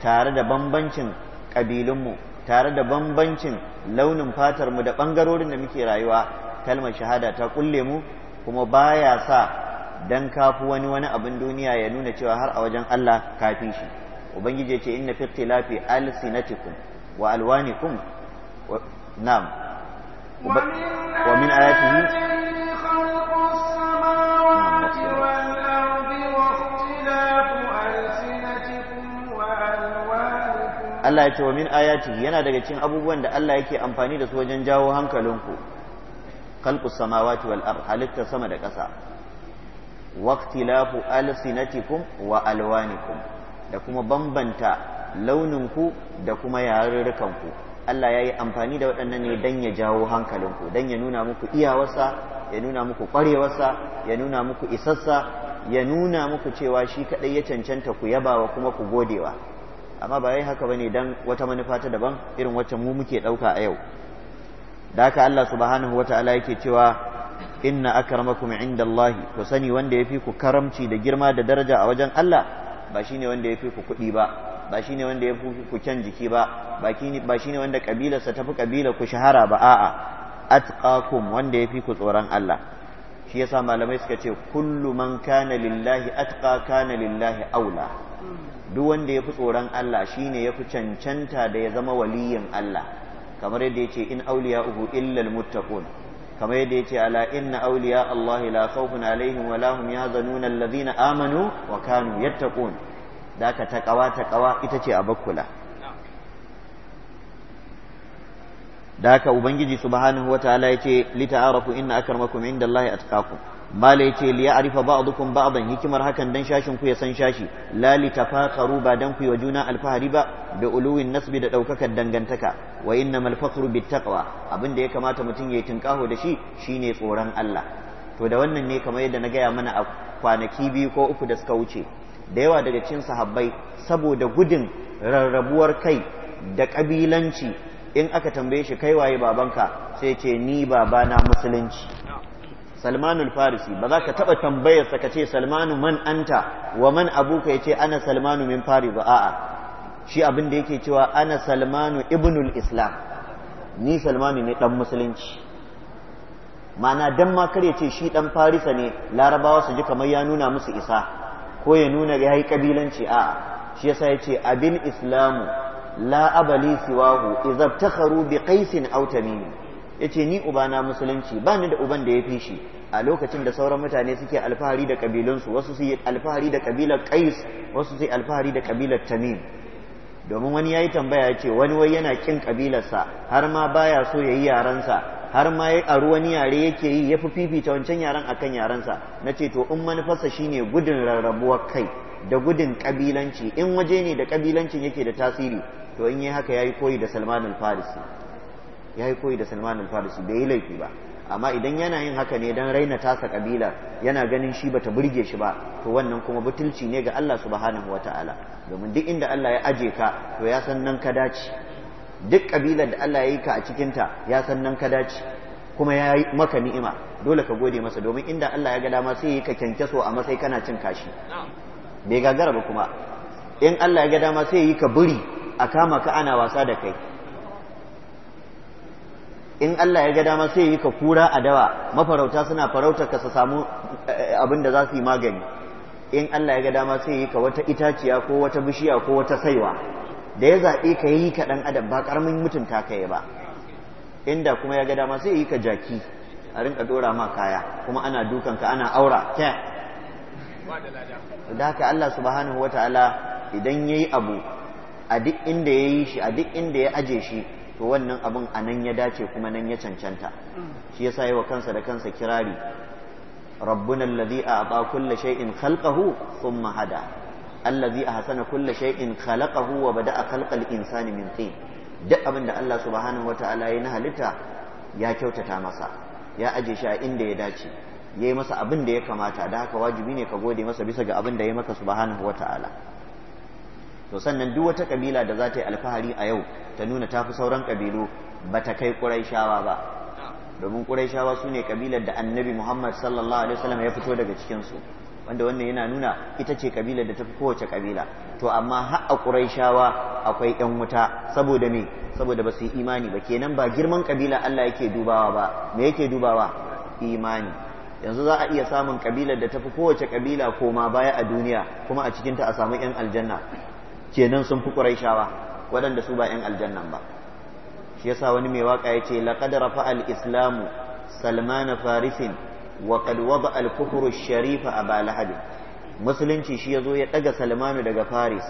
A: tare da bambancin ƙabilunmu tare da bambancin launin fatar mu da ɓangarorin da muke rayuwa kalmar shahada ta kulle mu kuma baya sa dan kafu wani wani abin duniya ya nuna cewa har a wajen Allah kafin shi ubangiji ce inna fi tilafi alsinatikum wa alwanikum nam wa min ayatihi Allah ya ce wa min ayati yana daga cikin abubuwan da Allah yake amfani da su wajen jawo hankalinku khalqu samawati wal ard halitta sama da ƙasa waqtilafu alsinatikum wa alwanikum da kuma bambanta launinku da kuma yarurrukanku Allah ya yi amfani da waɗannan ne don ya jawo hankalinku don ya nuna muku iyawarsa ya nuna muku ƙwarewarsa ya nuna muku isassa ya nuna muku cewa shi kaɗai ya cancanta ku yabawa kuma ku godewa amma ba yayi haka bane dan wata manufa ta daban irin wacce mu muke dauka a yau da haka Allah subhanahu wataala yake cewa inna akramakum indallahi ku sani wanda yafi ku karamci da girma da daraja a wajen Allah ba shine wanda yafi ku kuɗi ba ba shine wanda yafi ku kyan jiki ba ba shine wanda kabilarsa tafi kabila ku shahara ba a'a atqakum wanda yafi ku tsoron Allah shi yasa malamai suka ce kullu man kana lillahi atqa kana lillahi aula duk wanda ya fi tsoron Allah shine ya fi cancanta da ya zama waliyin Allah kamar yadda ya ce in auliya uhu illal muttaqun kamar yadda ya ce ala inna auliya Allah la khawfun alaihim wa lahum yahzanun alladhina amanu wa kanu yattaqun daka taqawa taqawa ita ce a bakkula daka ubangiji subhanahu wataala yace lita'arafu inna akramakum Allah atqakum mala yace li ya'rifa ba'dukum ban hikimar hakan don shashin ku ya san shashi la li ba dan ku yi wa juna alfahari ba bi uluwin nasbi da daukakar dangantaka wa innamal fakhru bit taqwa abinda ya kamata mutum ya yi tinkaho da shi shine tsoron Allah to da wannan ne kamar yadda na gaya mana a kwanaki biyu ko uku da suka wuce da yawa daga cikin sahabbai saboda gudun rarrabuwar kai da kabilanci in aka tambaye shi kai waye babanka sai ce ni babana musulunci salmanul farisi ba za ka taɓa tambayarsa ka ce salmanu man anta wa man abuka ya ce ana salmanu min fari ba a'a shi abinda da yake cewa ana salmanu ibnul islam ni salmanu ne dan musulunci ma'ana dan ma kar ce shi dan farisa ne larabawa su ji kamar ya nuna musu isa ko ya nuna ya yi kabilanci a'a shi yasa ya ce abin islamu la abali siwahu idza bi qaisin aw tamimi yace ni ubana musulunci ba ni da uban da ya fi shi a lokacin da sauran mutane suke alfahari da kabilunsu wasu su alfahari da kabilar qais wasu su alfahari da kabilar tamim domin wani ya yi tambaya ce wani wai yana kin kabilarsa har ma baya so ya yi yarensa har ma a wani yare yake yi ya fi fifita wancan yaren akan yarensa na ce to in manufarsa shine gudun rarrabuwar kai da gudun kabilanci in waje ne da kabilancin yake da tasiri to in yi haka ya yi koyi da Salman farisi ya yi koyi da salman al-farisi bai yi laifi ba amma idan yana yin haka ne don raina tasa kabila yana ganin shi bata burge shi ba to wannan kuma butulci ne ga Allah subhanahu ta'ala domin duk inda Allah ya aje ka to ya san nan ka dace duk kabilar da Allah ya yi ka a cikin ya san nan ka dace kuma ya yi maka ni'ima dole ka gode masa domin inda Allah ya ga dama sai ka kyankyaso a matsayi kana cin kashi bai gagara ba kuma in Allah ya ga dama sai yi ka buri a kama ka ana wasa da kai in Allah ya ga dama sai yi ka kura a dawa mafarauta suna farauta ka su samu eh, abin da za su yi magani in Allah ya ga dama sai yi ka wata itaciya ko wata bishiya ko wata saiwa da ya zaɓe ka yi ka ɗan adam ba ƙaramin mutum ta kai ba inda kuma ya ga dama sai yi ka jaki a rinka ɗora ma kaya kuma ana dukan ka ana aura ta da haka Allah subhanahu wa ta'ala idan ya yi abu a duk inda ya yi shi a duk inda ya aje shi to wannan abin a nan ya dace kuma nan ya cancanta mm. shi yasa yi wa kansa da kansa kirari rabbuna allazi a'ta kulla shay'in khalqahu thumma hada allazi hasana kulla shay'in khalaqahu wa a khalqal insani min tin duk abin da Allah subhanahu wata'ala ya na halitta ya kyautata masa ya aje shi a inda ya dace ya yi masa abin da ya kamata da haka wajibi ne ka gode masa bisa ga abin da ya maka subhanahu wata'ala to sannan duk wata kabila da za ta yi alfahari a yau ta nuna ta fi sauran kabilu ba ta kai ƙuraishawa ba domin ƙuraishawa su ne kabilar da annabi muhammad sallallahu alaihi wasallam ya fito daga cikinsu wanda wannan yana nuna ita ce kabilar da ta fi kowace kabila to amma har a ƙuraishawa akwai ƴan wuta saboda me saboda ba su yi imani ba kenan ba girman kabila Allah yake dubawa ba me yake dubawa imani yanzu za a iya samun kabilar da ta fi kowace kabila koma baya a duniya kuma a cikinta a samu 'yan aljanna kenan sun fi quraishawa waɗanda su ba yan aljannan ba shi yasa wani mai waka ya ce rafa al islamu salman farisin wa qad wada al kufru sharifa a lahab musulunci shi ya zo ya ɗaga salmanu daga faris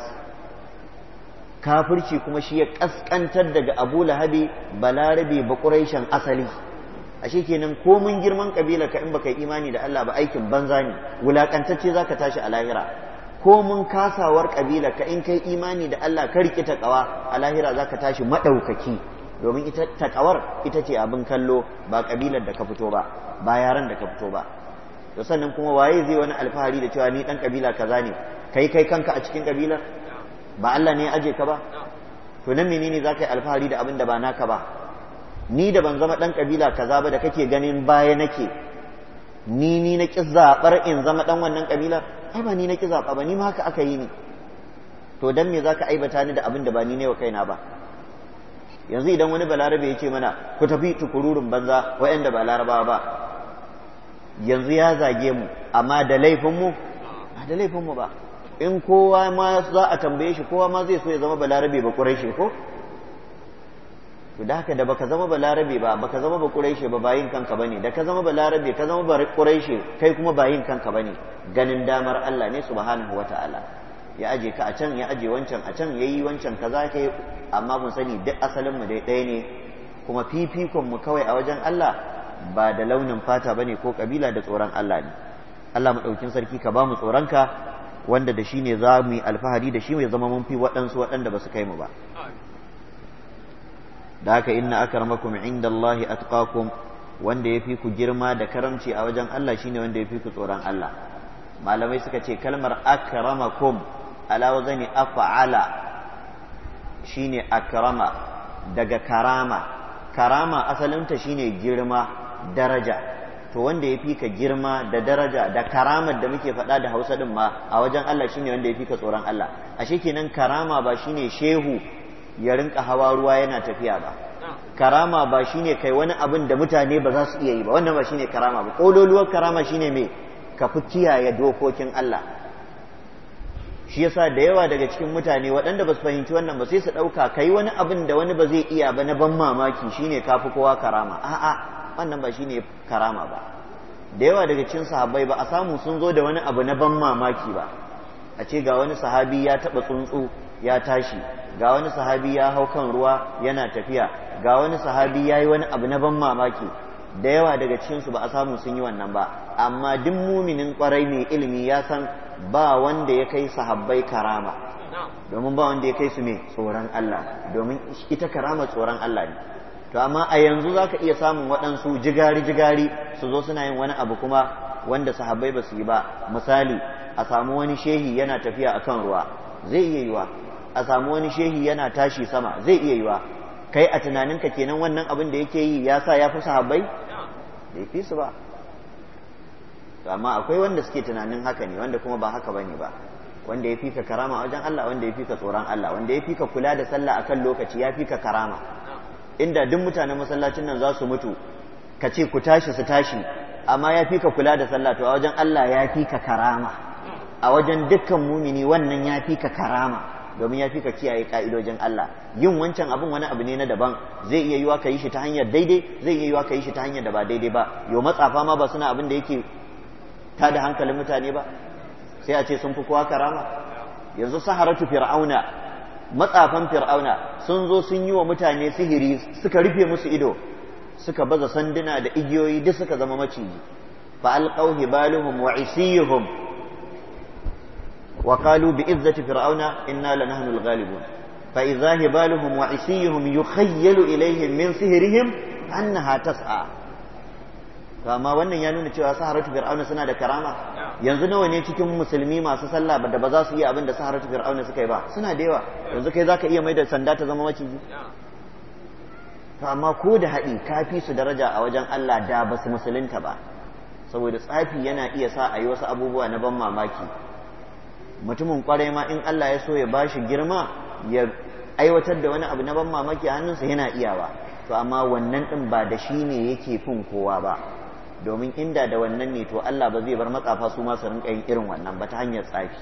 A: kafirci kuma shi ya ƙasƙantar daga abu lahabi balarabe ba ƙuraishan asali ashe kenan ko girman kabila ka in baka imani da Allah ba aikin banza ne wulakantacce ka tashi a lahira ko mun kasawar kabila ka in kai imani da Allah ka riƙe ƙawa, a lahira ka tashi maɗaukaki domin ita ta ƙawar ita ce abin kallo ba ƙabilar da ka fito ba ba yaran da ka fito ba to sannan kuma waye zai wani alfahari da cewa ni ɗan ƙabila kaza ne kai kai kanka a cikin ƙabilar? ba Allah ne ya aje ka ba to nan menene zaka yi alfahari da abin da ba naka ba ni da ban zama ɗan ƙabila kaza ba da kake ganin baya nake ni ni na ki in zama ɗan wannan kabilar ai ba ni na ki zaɓa ba ni ma haka aka yi ni to dan me zaka aibata ni da abin da ba ni ne wa kaina ba yanzu idan wani balarabe ya ce mana ku tafi tukururun banza wa'anda ba ba yanzu ya zage mu amma da laifin mu ba da laifin mu ba in kowa ma za a tambaye shi kowa ma zai so ya zama balarabe ba ƙurai ko to da haka da baka zama ba larabe ba baka zama ba quraishi ba bayin kanka bane da ka zama ba larabe ka zama ba quraishi kai kuma bayin kanka bane ganin damar Allah ne subhanahu wataala ya aje ka a can ya aje wancan a can yayi wancan kaza kai amma mun sani duk asalin mu dai ɗaya ne kuma fifikon mu kawai a wajen Allah ba da launin fata bane ko kabila da tsoron Allah ne Allah mu daukin sarki ka ba mu ka wanda da shi ne za mu yi alfahari da shi mai zama mun fi waɗansu waɗanda ba su kai mu ba da haka inna akramakum indallahi atqakum wanda ya fi ku girma da karamci a wajen Allah shine wanda ya fi ku tsoron Allah malamai suka ce kalmar akramakum ala wazani af'ala shine akrama daga karama karama asalinta shine girma daraja to wanda ya fi ka girma da daraja da karamar da muke faɗa da hausa ɗin ma a wajen Allah shine wanda ya fi ka tsoron Allah ashe kenan karama ba shine shehu ya rinka hawa ruwa yana tafiya ba karama ba shine kai wani abin da mutane ba za su iya yi ba wannan ba shine karama ba kololuwar karama shine mai ka fi kiyaye dokokin Allah shi yasa da yawa daga cikin mutane waɗanda ba su fahimci wannan ba sai su ɗauka kai wani abin da wani ba zai iya ba na ban mamaki shine ka fi kowa karama a'a wannan ba shine karama ba da yawa daga cikin sahabbai ba a samu sun zo da wani abu na ban mamaki ba a ce ga wani sahabi ya taɓa tsuntsu ya tashi ga wani sahabi ya hau kan ruwa yana tafiya ga wani sahabi ya yi wani abu na ban mamaki da yawa daga cikinsu ba a samu sun yi wannan ba amma duk muminin kwarai mai ilimi ya san ba wanda ya kai sahabbai karama domin ba wanda ya kai su mai tsoron Allah domin ita karama tsoron Allah ne to amma a yanzu za ka iya samun waɗansu jigari-jigari su zo suna yin wani abu kuma wanda sahabbai ba su yi ba misali a samu wani shehi yana tafiya akan ruwa zai iya yiwa a samu wani shehi yana tashi sama zai iya yiwa kai a tunaninka kenan wannan abin da yake yi ya sa ya fi sahabbai bai fi su ba amma akwai wanda suke tunanin haka ne wanda kuma ba haka bane ba wanda ya fi ka karama wajen Allah wanda ya fi ka tsoron Allah wanda ya fi ka kula da sallah akan lokaci ya fi ka karama inda duk mutanen masallacin nan za su mutu ka ce ku tashi su tashi amma ya fi ka kula da sallah to a wajen Allah ya fi ka karama a wajen dukkan mumini wannan ya fi ka karama domin ya fi ka kiyaye ka'idojin Allah yin wancan abin wani abu ne na daban zai iya yiwa ka yi shi ta hanyar daidai zai iya yiwa ka yi shi ta hanyar da ba daidai ba yo matsafa ma ba suna abin da yake ta da hankalin mutane ba sai a ce sun fi kowa karama yanzu saharatu fir'auna matsafan fir'auna sun zo sun yi wa mutane sihiri suka rufe musu ido suka baza sanduna da igiyoyi duk suka zama maciji fa alqaw hibaluhum wa isiyuhum وقالوا بعزة فرعون إنا لنحن الغالبون فإذا هبالهم وعصيهم يخيل إليهم من سهرهم أنها تسعى amma wannan ya nuna cewa saharatu fir'auna suna da karama yanzu nawa ne cikin musulmi masu sallah da ba za su yi abin da saharatu fir'auna suka yi ba suna da yawa yanzu kai zaka iya mai da sanda ta zama maciji to amma ko da haɗi kafi su daraja a wajen Allah da ba su musulunta ba saboda tsafi yana iya sa a yi wasu abubuwa na ban mamaki mutumin kwarai ma in Allah ya so ya ba shi girma ya aiwatar da wani abu na ban mamaki a hannunsa yana iyawa to amma wannan din ba da shi ne yake fin kowa ba domin inda da wannan ne to Allah ba zai bar matsafa su ma su yin irin wannan ba ta hanyar tsafi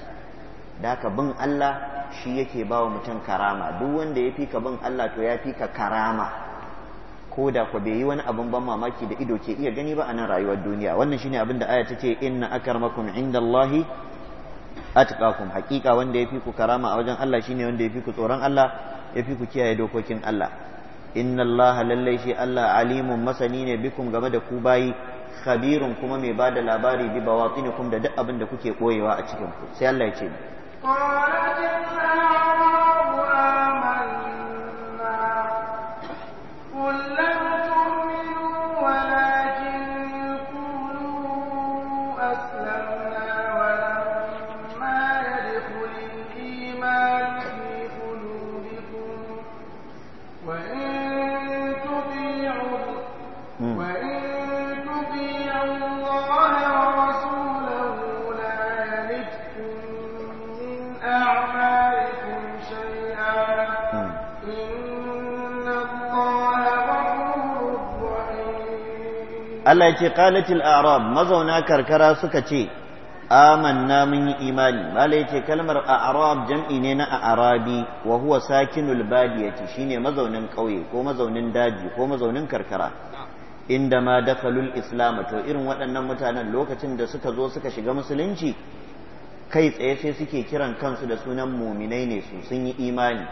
A: da ka bin Allah shi yake ba wa mutum karama duk wanda ya fi ka bin Allah to ya fi ka karama ko da ku bai yi wani abin ban mamaki da ido ke iya gani ba a nan rayuwar duniya wannan shine abin da aya ta ce inna akarmakum indallahi atqakum haqiqa wanda yafi ku karama a wajen Allah shine wanda yafi ku tsoron Allah yafi ku kiyaye dokokin Allah inna Allah lallai shi Allah alimun masani ne bikum game da ku bayi khabirun kuma mai bada labari bi bawatinikum da duk abin da kuke koyewa a cikin ku sai Allah ya ce
B: قل Allah ya
A: ce qalatil a'rab mazauna karkara suka ce amanna mun yi imani mala ya ce kalmar a'rab jam'i ne na a'rabi wa huwa sakinul badiyati shine mazaunin ƙauye ko mazaunin daji ko mazaunin karkara inda ma dakalul islam to irin waɗannan mutanen lokacin da suka zo suka shiga musulunci kai tsaye sai suke kiran kansu da sunan muminai ne su sun yi imani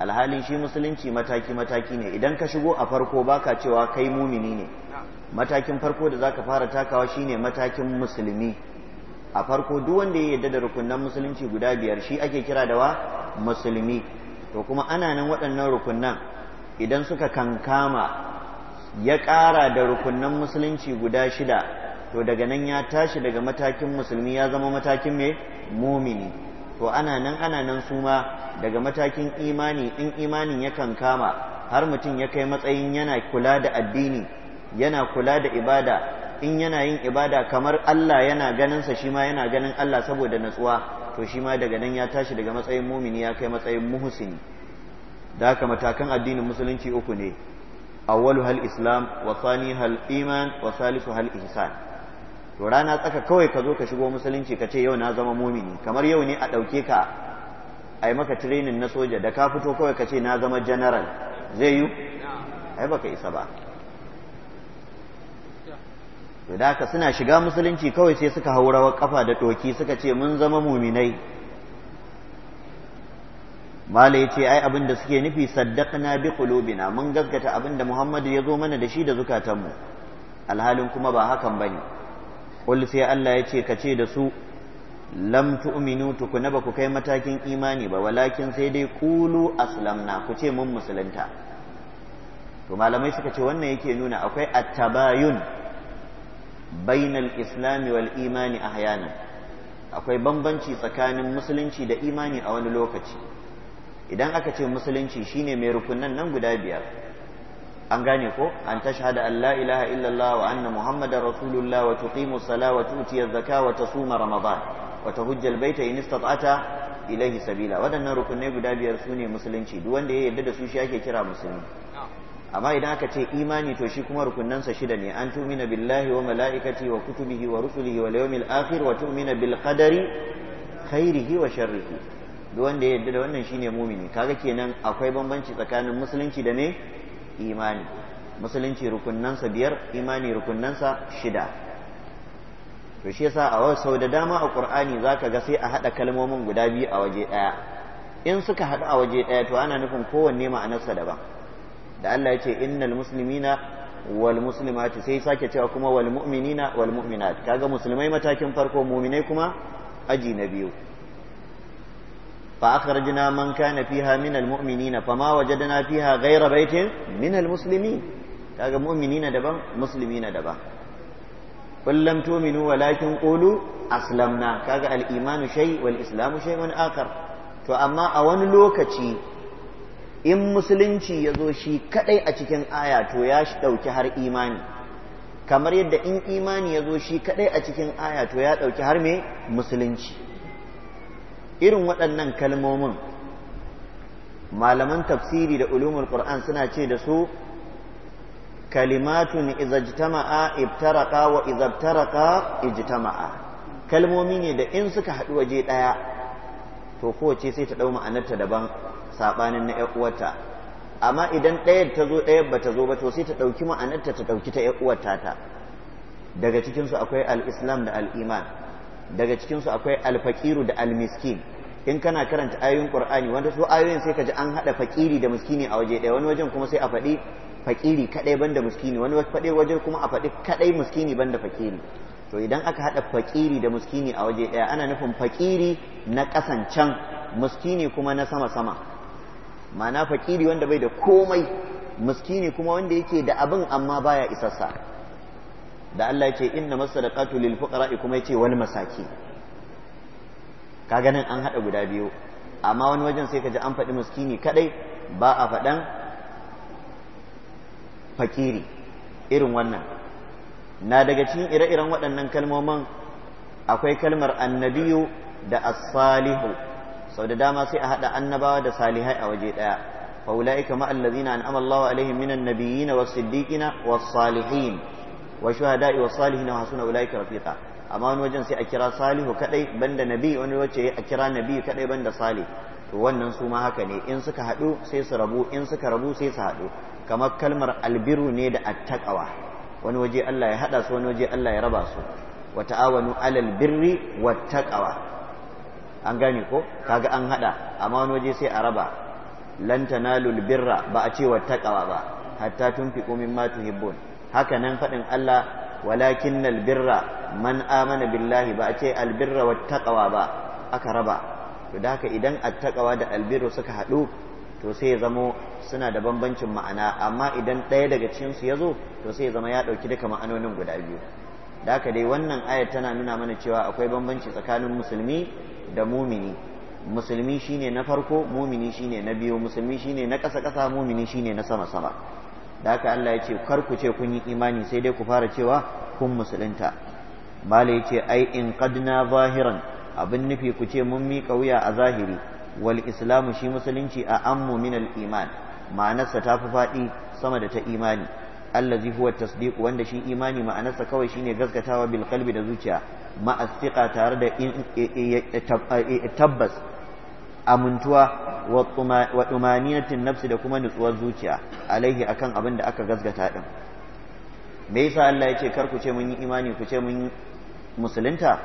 A: alhalin shi musulunci mataki mataki ne idan ka shigo a farko baka cewa kai mumini ne matakin farko da zaka fara takawa shine matakin musulmi a farko duk wanda ya yarda da rukunnan musulunci guda biyar shi ake kira da wa musulmi to kuma ana nan waɗannan rukunnan idan suka kankama ya ƙara da rukunnan musulunci guda shida to daga nan ya tashi daga matakin musulmi ya zama matakin mai mumini to ana nan ana nan su ma daga matakin imani in imanin ya kankama har mutum ya kai matsayin yana kula da addini yana kula da ibada in yana yin ibada kamar Allah yana ganinsa shi ma yana ganin Allah saboda natsuwa to shi ma daga nan ya tashi daga matsayin mumini ya kai matsayin muhsini da haka matakan addinin musulunci uku ne awwalu hal islam wa thani hal iman wa salisu hal ihsan to rana tsaka kawai ka zo ka shigo musulunci ka ce yau na zama mumini kamar yau ne a ɗauke ka a yi maka training na soja da ka fito kawai ka ce na zama general zai yi ai baka isa ba to da haka suna shiga musulunci kawai sai suka haurawa kafa da doki suka ce mun zama muminai mala ya ce ai abinda da suke nufi saddaqna bi qulubina mun gaskata abin da Muhammadu ya zo mana da shi da zukatanmu alhalin kuma ba hakan bane qul sai Allah ya ce ka ce da su lam tu'minu tukuna ba ku kai matakin imani ba walakin sai dai kulu aslamna ku ce mun musulunta to malamai suka ce wannan yake nuna akwai attabayun bainal islami wal imani ahyana akwai bambanci tsakanin musulunci da imani a wani lokaci idan aka ce musulunci shine mai rukunan nan guda biyar an gane ko an tashhada an la ilaha illallah wa anna muhammadar rasulullah wa tuqimu sala wa tu'ti zakka wa tasuma ramadan wa tahujja albayta in istata'ta ilaihi sabila wadannan rukunai guda biyar sune musulunci duk wanda ya yarda da su shi ake kira musulmi amma idan aka ce imani to shi kuma rukunansa shida ne an tumina billahi wa mala'ikati wa kutubihi wa rusulihi wa yawmil akhir wa tumina bil qadari khairihi wa sharrihi duk wanda ya yarda da wannan shine mumini kaga kenan akwai bambanci tsakanin musulunci da me imani musulunci rukunansa biyar imani rukunansa shida to shi yasa a sau da dama a qur'ani zaka ga sai a hada kalmomin guda biyu a waje daya in suka hadu a waje daya to ana nufin kowanne ma'anarsa daban da Allah ya ce innal muslimina wal sai sake cewa kuma wal mu'minina wal mu'minat kaga musulmai matakin farko mu'minai kuma aji na biyu fa akhrajna man kana fiha min al mu'minina fama wajadna fiha ghayra baitin min al muslimin kaga mu'minina daban muslimina daban kullum tuminu walakin qulu aslamna kaga al imanu shay wal islamu shay'un akar to amma a wani lokaci in musulunci ya zo shi kadai a cikin aya to ya ɗauki har imani kamar yadda in imani ya zo shi kaɗai a cikin aya to ya ɗauki har me musulunci irin waɗannan kalmomin malaman tafsiri da ulumul qur'an suna ce da su kalimatun izajitama'a, ijtama'a ibtaraqa wa idza ijitama'a. ijtama'a kalmomi ne da in suka haɗu waje ɗaya to kowace sai ta ɗau ma'anarta daban sabanin na ƴar uwarta amma idan ɗayar ta zo ɗayar ba ta zo ba to sai ta ɗauki ma'anarta ta ɗauki ta ƴar uwarta ta daga cikinsu akwai al-islam da al-iman daga cikinsu akwai al-faqiru da al-miskin in kana karanta ayoyin qur'ani wanda su ayoyin sai ka ji an hada fakiri da miskini a waje ɗaya wani wajen kuma sai a faɗi fakiri kadai banda miskini wani faɗi wajen kuma a faɗi kadai miskini banda fakiri to idan aka hada fakiri da miskini a waje ɗaya ana nufin fakiri na ƙasan can miskini kuma na sama sama ma'ana fakiri wanda bai da komai miskini kuma wanda yake da abin amma baya isassa da Allah ya ce inna masadaqatu lil fuqara kuma yace wal masaki Ka ganin an hada guda biyu amma wani wajen sai kaji an faɗi miskini kadai ba a faɗan fakiri irin wannan na daga cikin ire-iren waɗannan kalmomin akwai kalmar annabiyu da as-salihu sau da dama sai a haɗa annabawa da salihai a waje ɗaya fa ulaika ma allazina an'ama Allahu alaihim minan nabiyyin was siddiqina was salihin wa shuhada'i was salihin wa hasuna ulaika rafiqa amma wani wajen sai a kira salihu kadai banda nabi wani wace a kira nabi kadai banda salih to wannan su ma haka ne in suka haɗu sai su rabu in suka rabu sai su haɗu kamar kalmar albiru ne da attaqawa wani waje Allah ya haɗa su wani waje Allah ya raba su wa ta'awanu alal birri wattaqawa an gane ko kaga an hada amma wani waje sai a raba lan tanalul birra ba a ce takawa ba hatta tunfiqu mimma tuhibbun haka nan fadin Allah walakinnal birra man amana billahi ba a ce albirra takawa ba aka raba to da haka idan attaqawa da albirra suka hadu to sai ya zamo suna da bambancin ma'ana amma idan ɗaya daga cikin su yazo to sai ya zama ya dauki duka ma'anonin guda biyu da haka dai wannan ayar tana nuna mana cewa akwai bambanci tsakanin musulmi da mumini musulmi shine na farko mumini shine na biyu musulmi shine na kasa kasa mumini shine na sama sama da haka Allah ya ce kar ku ce kun yi imani sai dai ku fara cewa kun musulunta mala ya ce ai in qadna zahiran abin nufi ku ce mun miƙa wuya a zahiri wal islamu shi musulunci a ammu min iman ma'anarsa ta fi faɗi sama da ta imani allazi huwa tasdiq wanda shi imani ma'anarsa kawai shine gaskatawa bil qalbi da zuciya ma'astika tare da e, e, e, tabbas amintuwa wa tumaninatin nafsi da kuma nutsuwar zuciya alaihi akan abin da aka gazgata din me yasa Allah yace kar ku ce mun yi imani ku ce mun musulunta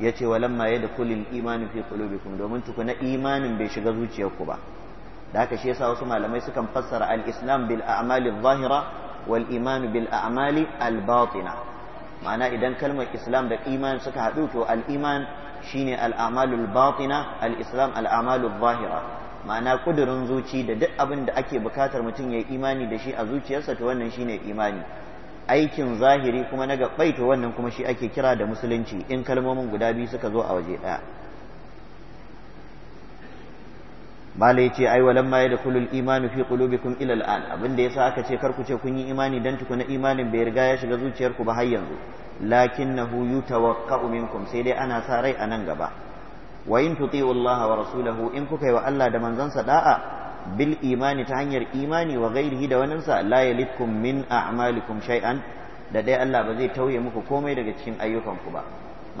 A: yace walamma yadkhulul imani fi qulubikum domin tukuna imanin bai shiga zuciyarku ba da haka shi yasa wasu malamai sukan fassara al-islam bil a'mali adh-dhahira wal iman bil a'mali al-batina ma'ana idan kalmar islam da iman suka haɗu to al'iman shine al'amalul batina al'islam al'amalul zahira ma'ana kudurin zuci da duk abin da ake buƙatar mutum ya yi imani da shi a zuciyarsa to wannan shine imani aikin zahiri kuma na gaɓai to wannan kuma shi ake kira da musulunci in kalmomin guda biyu suka zo a waje ɗaya bala aiwalan ai da yadkhulul imanu fi qulubikum ila al'an abinda sa aka ce kar ku ce kun yi imani dan tukuna imanin bai riga ya shiga zuciyarku ba har yanzu lakinnahu tawakka'u minkum sai dai ana sa rai a nan gaba wa in tuti'u Allah wa rasulahu in kuka yi wa Allah da manzansa da'a bil imani ta hanyar imani wa ghairihi da waninsa la yalitkum min a'malikum shay'an da dai Allah ba zai tauye muku komai daga cikin ayyukanku ba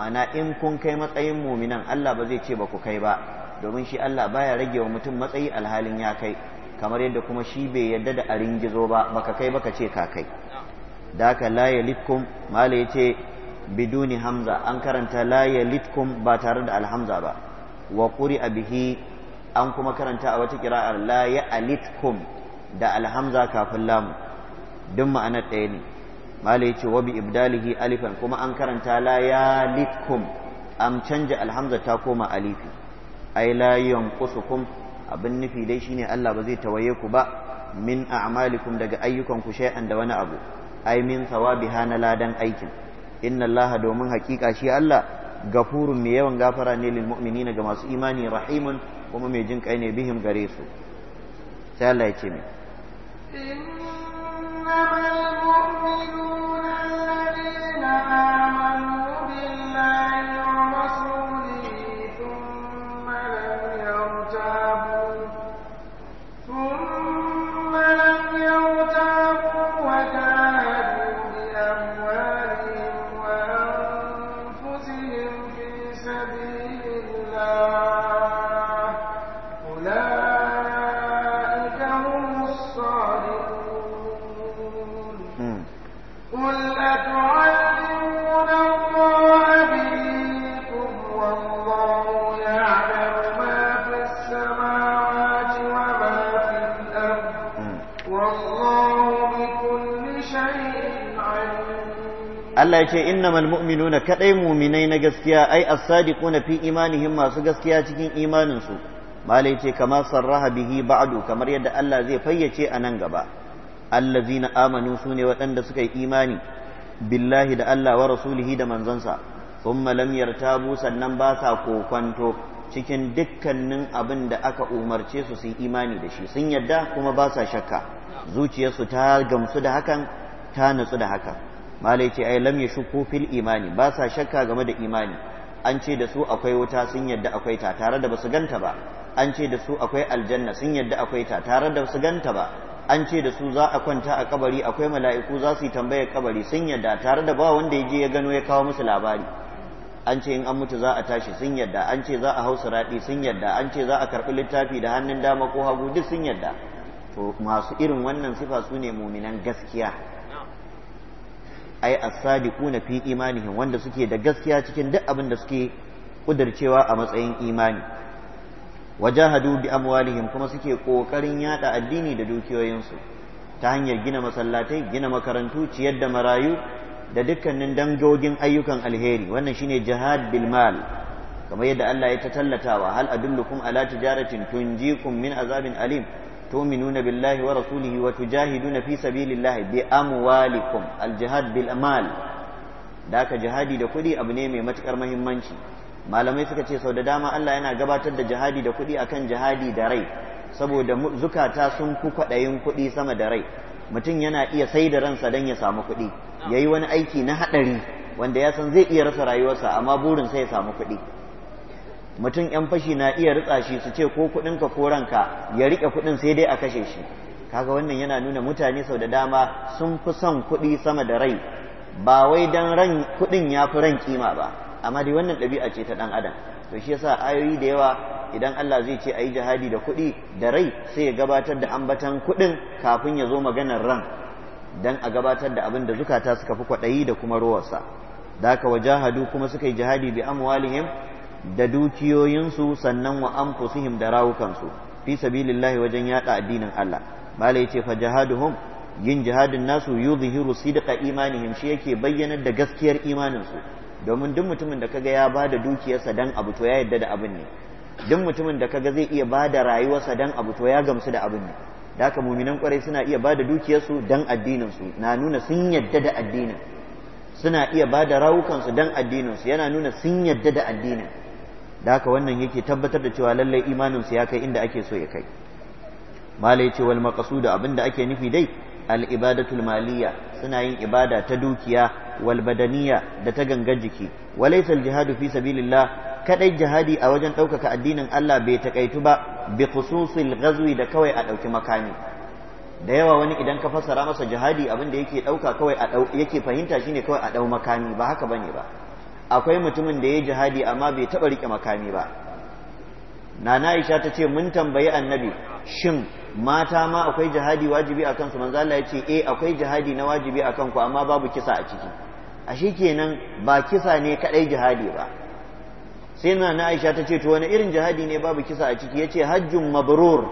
A: ma'ana in kun kai matsayin muminan Allah ba zai ce ba ku kai ba domin shi Allah baya rage wa mutum matsayi alhalin ya kai kamar yadda kuma shi bai yadda da a ringizo ba baka kai baka ce ka kai da haka la yalitkum mala yace biduni hamza an karanta la yalitkum ba tare da alhamza ba wa a bihi an kuma karanta a wata kira'ar la yalitkum da alhamza kafin lamu duk ma'anar ɗaya ne mala yace wa bi ibdalihi alifan kuma an karanta la yalitkum am canja alhamza ta koma alifi ai la yanqusukum abin nufi dai shine Allah ba zai tawaye ku ba min a'malikum daga ayyukan ku shay'an da wani abu ai min thawabiha na ladan aikin inna Allah domin hakika shi Allah gafurun mai yawan gafara ne lil mu'minina ga masu imani rahimun kuma mai jin kai ne bihim gare su sai Allah ya ce mai
B: إنما المؤمنون الذين آمنوا بالله time.
A: Allah ya ce mu'minuna kadai muminai na gaskiya ai as na fi imanihim masu gaskiya cikin imanin su malai ce kama sarraha bihi ba'du kamar yadda Allah zai fayyace a nan gaba allazina amanu ne waɗanda suka yi imani billahi da Allah wa rasulihi da manzansa thumma lam yartabu sannan ba sa kokwanto cikin dukkanin abin da aka umarce su su yi imani da shi sun yadda kuma ba sa shakka zuciyarsu ta gamsu da hakan ta natsu da hakan malai ce ai lam yashku fil imani ba sa shakka game da imani an ce da su akwai wuta sun yadda akwai ta tare da basu ganta ba an ce da su akwai aljanna sun yadda akwai ta tare da basu ganta ba an ce da su za a kwanta a kabari akwai mala'iku za su yi tambayar kabari sun yadda tare da ba wanda ya je ya gano ya kawo musu labari an ce in an mutu za a tashi sun yadda an ce za a hau siraɗi sun yadda an ce za a karɓi littafi da hannun dama ko hagu duk sun yadda to masu irin wannan sifa su ne muminan gaskiya as-sadiquna fi imanihim wanda suke da gaskiya cikin duk abin da suke kudircewa a matsayin imani wajahadu bi amwalihim kuma suke kokarin yada addini da dukiyoyinsu ta hanyar gina masallatai gina makarantu ciyar da marayu da dukkanin dangogin ayyukan alheri wannan shine jihad bil mal kamar yadda Allah ya ta tallatawa hal adullukum ala tijaratin tunjikum min azabin alim biLlahi wa بالله ورسوله وتجاهدون في سبيل الله بأموالكم الجهاد بالأمال ذاك جهادي da kuɗi abu ne mai matukar muhimmanci malamai suka ce sau da dama Allah yana gabatar da jihadi da kuɗi a kan jihadi da rai saboda zukata sun fi kwaɗayin kuɗi sama da rai mutum yana iya sai da ransa don ya samu kuɗi ya yi wani aiki na haɗari wanda ya san zai iya rasa rayuwarsa amma burin sai ya samu kuɗi mutum yan fashi na iya ritsa shi su ce ko kuɗinka ko ranka ya riƙe kuɗin sai dai a kashe shi kaga wannan yana nuna mutane sau da dama sun fi son kuɗi sama da rai ba wai dan ran kuɗin ya fi ran kima ba amma dai wannan ɗabi'a ce ta ɗan adam to shi yasa ayoyi da yawa idan Allah zai ce a yi jihadi da kuɗi da rai sai ya gabatar da ambatan kuɗin kafin ya zo maganar ran dan a gabatar da abin da zukata suka fi kwaɗayi da kuma rowarsa da aka wajahadu kuma suka yi jihadi bi amwalihim da dukiyoyinsu sannan wa anfusihim da rawukansu fi sabilillahi wajen yaɗa addinin Allah ya ce fa jahaduhum yin jihadin nasu yuzhiru sidqa imanihim shi yake bayyanar da gaskiyar imaninsu domin duk mutumin da kaga ya bada dukiyarsa dan abu to ya yadda da abin ne duk mutumin da kaga zai iya bada rayuwarsa dan abu to ya gamsu da abin ne da haka muminan kwarai suna iya bada dukiyarsu dan addininsu na nuna sun yadda da addinin suna iya bada rawukansu dan addininsu yana nuna sun yadda da addinin da haka wannan yake tabbatar da cewa lallai imanin sa ya kai inda ake so ya kai malai ce wal maqsud abinda ake nufi dai al ibadatul maliya suna yin ibada ta dukiya wal badaniya da ta gangan jiki walaysa al jihadu fi sabilillah kadai jihadi a wajen ɗaukaka addinin Allah bai takaitu ba bi khususil ghazwi da kawai a ɗauki makami da yawa wani idan ka fassara masa jihadi abinda yake fahimta kawai a yake fahimta shine kawai a ɗau makami ba haka bane ba akwai mutumin da ya yi jihadi amma bai taɓa riƙe makami ba nana Aisha ta ce mun tambayi annabi shin mata ma akwai jihadi wajibi akan su manzo Allah ya ce eh akwai jihadi na wajibi akan ku amma babu kisa a ciki ke kenan ba kisa ne kadai jihadi ba sai nana Aisha ta ce to wani irin jihadi ne babu kisa a ciki yace hajjun mabrur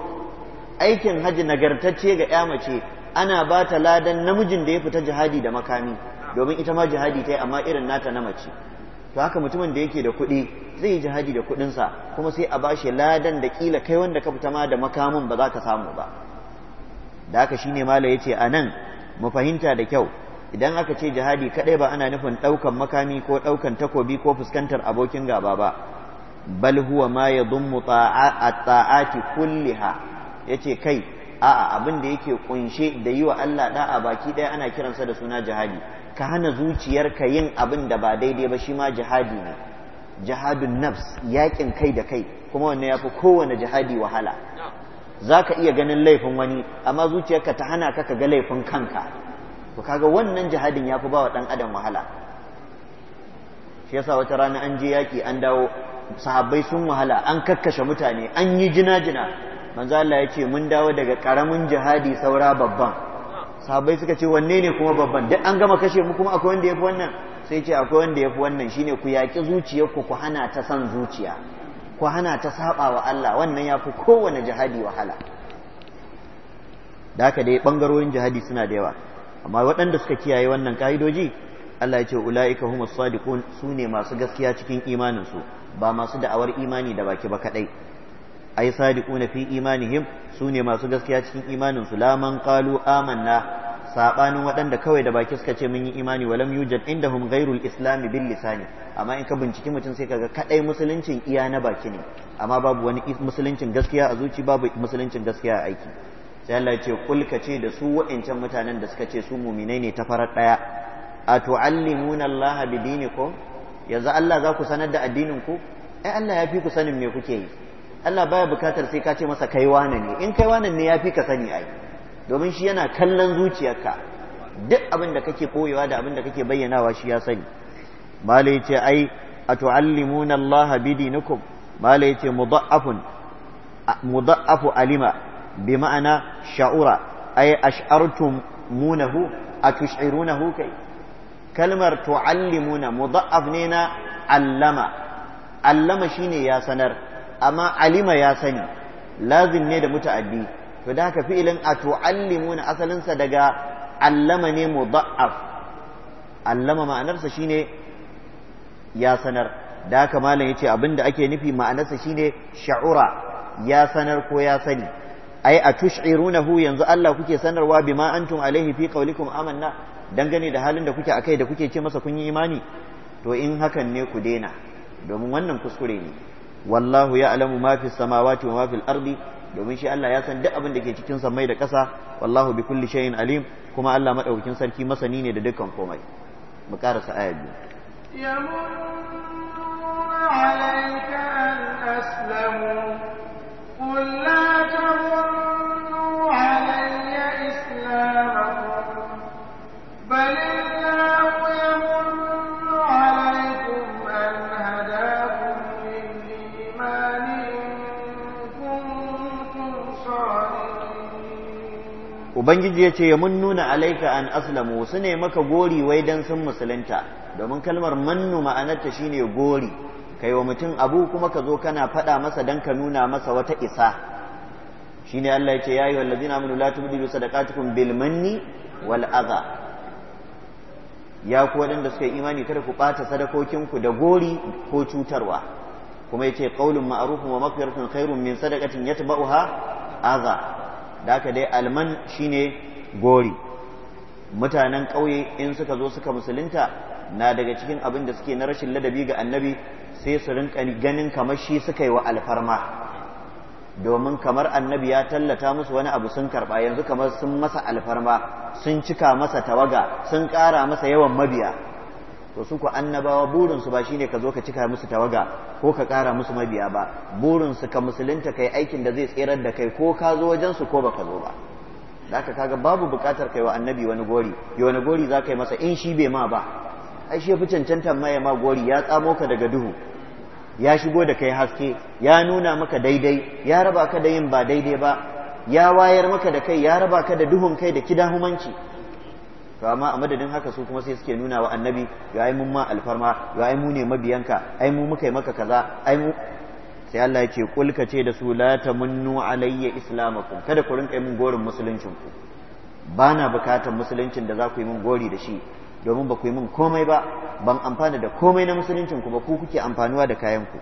A: aikin haji nagartacce ga ya mace ana ba ta ladan namijin da ya fita jihadi da makami domin ita ma jihadi ta yi amma irin nata na mace to haka mutumin da yake da kuɗi zai yi jihadi da kuɗinsa kuma sai a ba bashi ladan da kila kai wanda ka fita ma da makamun ba za ka samu ba da haka shine mala yace a nan mu fahimta da kyau idan aka ce jihadi kaɗai ba ana nufin ɗaukan makami ko ɗaukan takobi ko fuskantar abokin gaba ba bal huwa ma yadhummu ta'ati kulliha yace kai a'a abin da yake kunshe da yi wa Allah da'a baki ɗaya ana kiransa da suna jihadi ka hana zuciyar ka yin abin da ba daidai ba shi ma jihadi ne jihadun nafs yakin kai da kai kuma wannan ya fi kowane jihadi wahala za ka iya ganin laifin wani amma zuciyarka ta hana ka ka ga laifin kanka to kaga wannan jihadin ya fi ba wa ɗan adam wahala shi yasa wata rana an je yaƙi an dawo sahabbai sun wahala an kakkashe mutane an yi jina-jina manzo Allah ya ce mun dawo daga ƙaramin jihadi saura babban sahabbai suka ce wanne ne kuma babban duk an gama kashe mu kuma akwai wanda yafi wannan sai ce akwai wanda yafi wannan shine ku yaƙi zuciyar ku ku hana ta san zuciya ku hana ta saba wa Allah wannan yafi kowane jihadi wahala da haka dai bangarorin jihadi suna da yawa amma waɗanda suka kiyaye wannan ka'idoji Allah ya ce ula'ika humus sadiqun su ne masu gaskiya cikin imanin su ba masu da'awar imani da baki ba kadai ai sadiquna fi imanihim sune masu gaskiya cikin imanin su laman qalu amanna sabanin waɗanda kawai da baki suka ce mun yi imani walam yujad indahum ghairul islami bil lisani amma in ka binciki mutum sai kaga kadai musuluncin iya na baki ne amma babu wani musuluncin gaskiya a zuci babu musuluncin gaskiya a aiki sai Allah ya ce kul ka ce da su wa'ancan mutanen da suka ce su mu'minai ne ta farar daya a tu'allimuna Allah bi yanzu Allah za ku sanar da addinin ku ai Allah ya fi ku sanin me kuke yi Allah baya bukatar sai ka ce masa kai wane ne in kai wane ne ya fi ka sani ai domin shi yana kallon zuciyarka duk abin da kake koyewa da abin da kake bayyanawa shi ya sani malai ce ai a tu'allimuna Allah bidinukum malai ce mudha'afun mudha'afu alima bi ma'ana sha'ura ai ash'artum munahu atush'irunahu kai kalmar tu'allimuna mudha'af ne na allama allama shine ya sanar amma alima ya sani lazim ne da muta'addi to da haka fi'ilin a na asalinsa daga allama ne mudha'af allama ma'anarsa shine ya sanar da haka malam yace abinda ake nufi ma'anarsa shine sha'ura ya sanar ko ya sani ai a tush'irunahu yanzu Allah kuke sanarwa bima antum alaihi fi qaulikum amanna dangane da halin da kuke akai da kuke ce masa kun yi imani to in hakan ne ku daina domin wannan kuskure ne wallahu ya alamu mafi samawati wa mafi fil ardi domin shi Allah ya san duk abin da ke cikin samai da ƙasa wallahu bi kulli shay'in alim kuma Allah maɗaukin sarki masani ne da dukkan komai mu karasa ayat biyu
B: yamununa alayka an aslamu
A: ubangiji ya ce ya mun nuna alaika an aslamu su ne maka gori wai dan sun musulunta domin kalmar mannu ma'anarta shine gori kai wa mutum abu kuma ka zo kana faɗa masa dan ka nuna masa wata isa shine Allah ya ce ya yi ayyuhal ladzina amanu la tubdilu sadaqatukum bil manni wal aza ya ku waɗanda suka yi imani kada ku ɓata sadakokinku da gori ko cutarwa kuma ya ce Ƙaulun ma'arufin wa mafiyaratun khairun min sadakatin ya taɓa'uha aza da haka dai alman shine gori mutanen ƙauye in suka zo suka musulunta na daga cikin abin da suke na rashin ladabi ga annabi sai su rinka ganin kamar shi suka yi wa alfarma domin kamar annabi ya tallata musu wani abu sun karɓa yanzu kamar sun masa alfarma sun cika masa tawaga sun ƙara masa yawan mabiya to su ku annabawa burinsu ba shine ka zo ka cika musu tawaga ko ka ƙara musu mabiya ba burinsu ka musulunta kai aikin da zai tserar da kai ko ka zo wajensu ko ba ka zo ba Za ka kaga babu buƙatar kai wa annabi wani gori ya wani gori za ka yi masa in shi bai ma ba ai shi fi cancantar ma ma gori ya tsamo ka daga duhu ya shigo da kai haske ya nuna maka daidai ya raba ka da yin ba daidai ba ya wayar maka da kai ya raba ka da duhun kai da kidahumanci to amma a madadin haka su kuma sai suke nuna wa annabi ga ai mun ma alfarma ga ai mu ne mabiyanka ai mu muka yi maka kaza ai mu sai Allah yake ce kul ce da su la tamannu alayya islamakum kada ku rinka mun gorin musuluncin ku Bana na musuluncin da za ku yi mun gori da shi domin ba ku yi mun komai ba ban amfana da komai na musuluncin ku ba ku kuke amfanuwa da kayan ku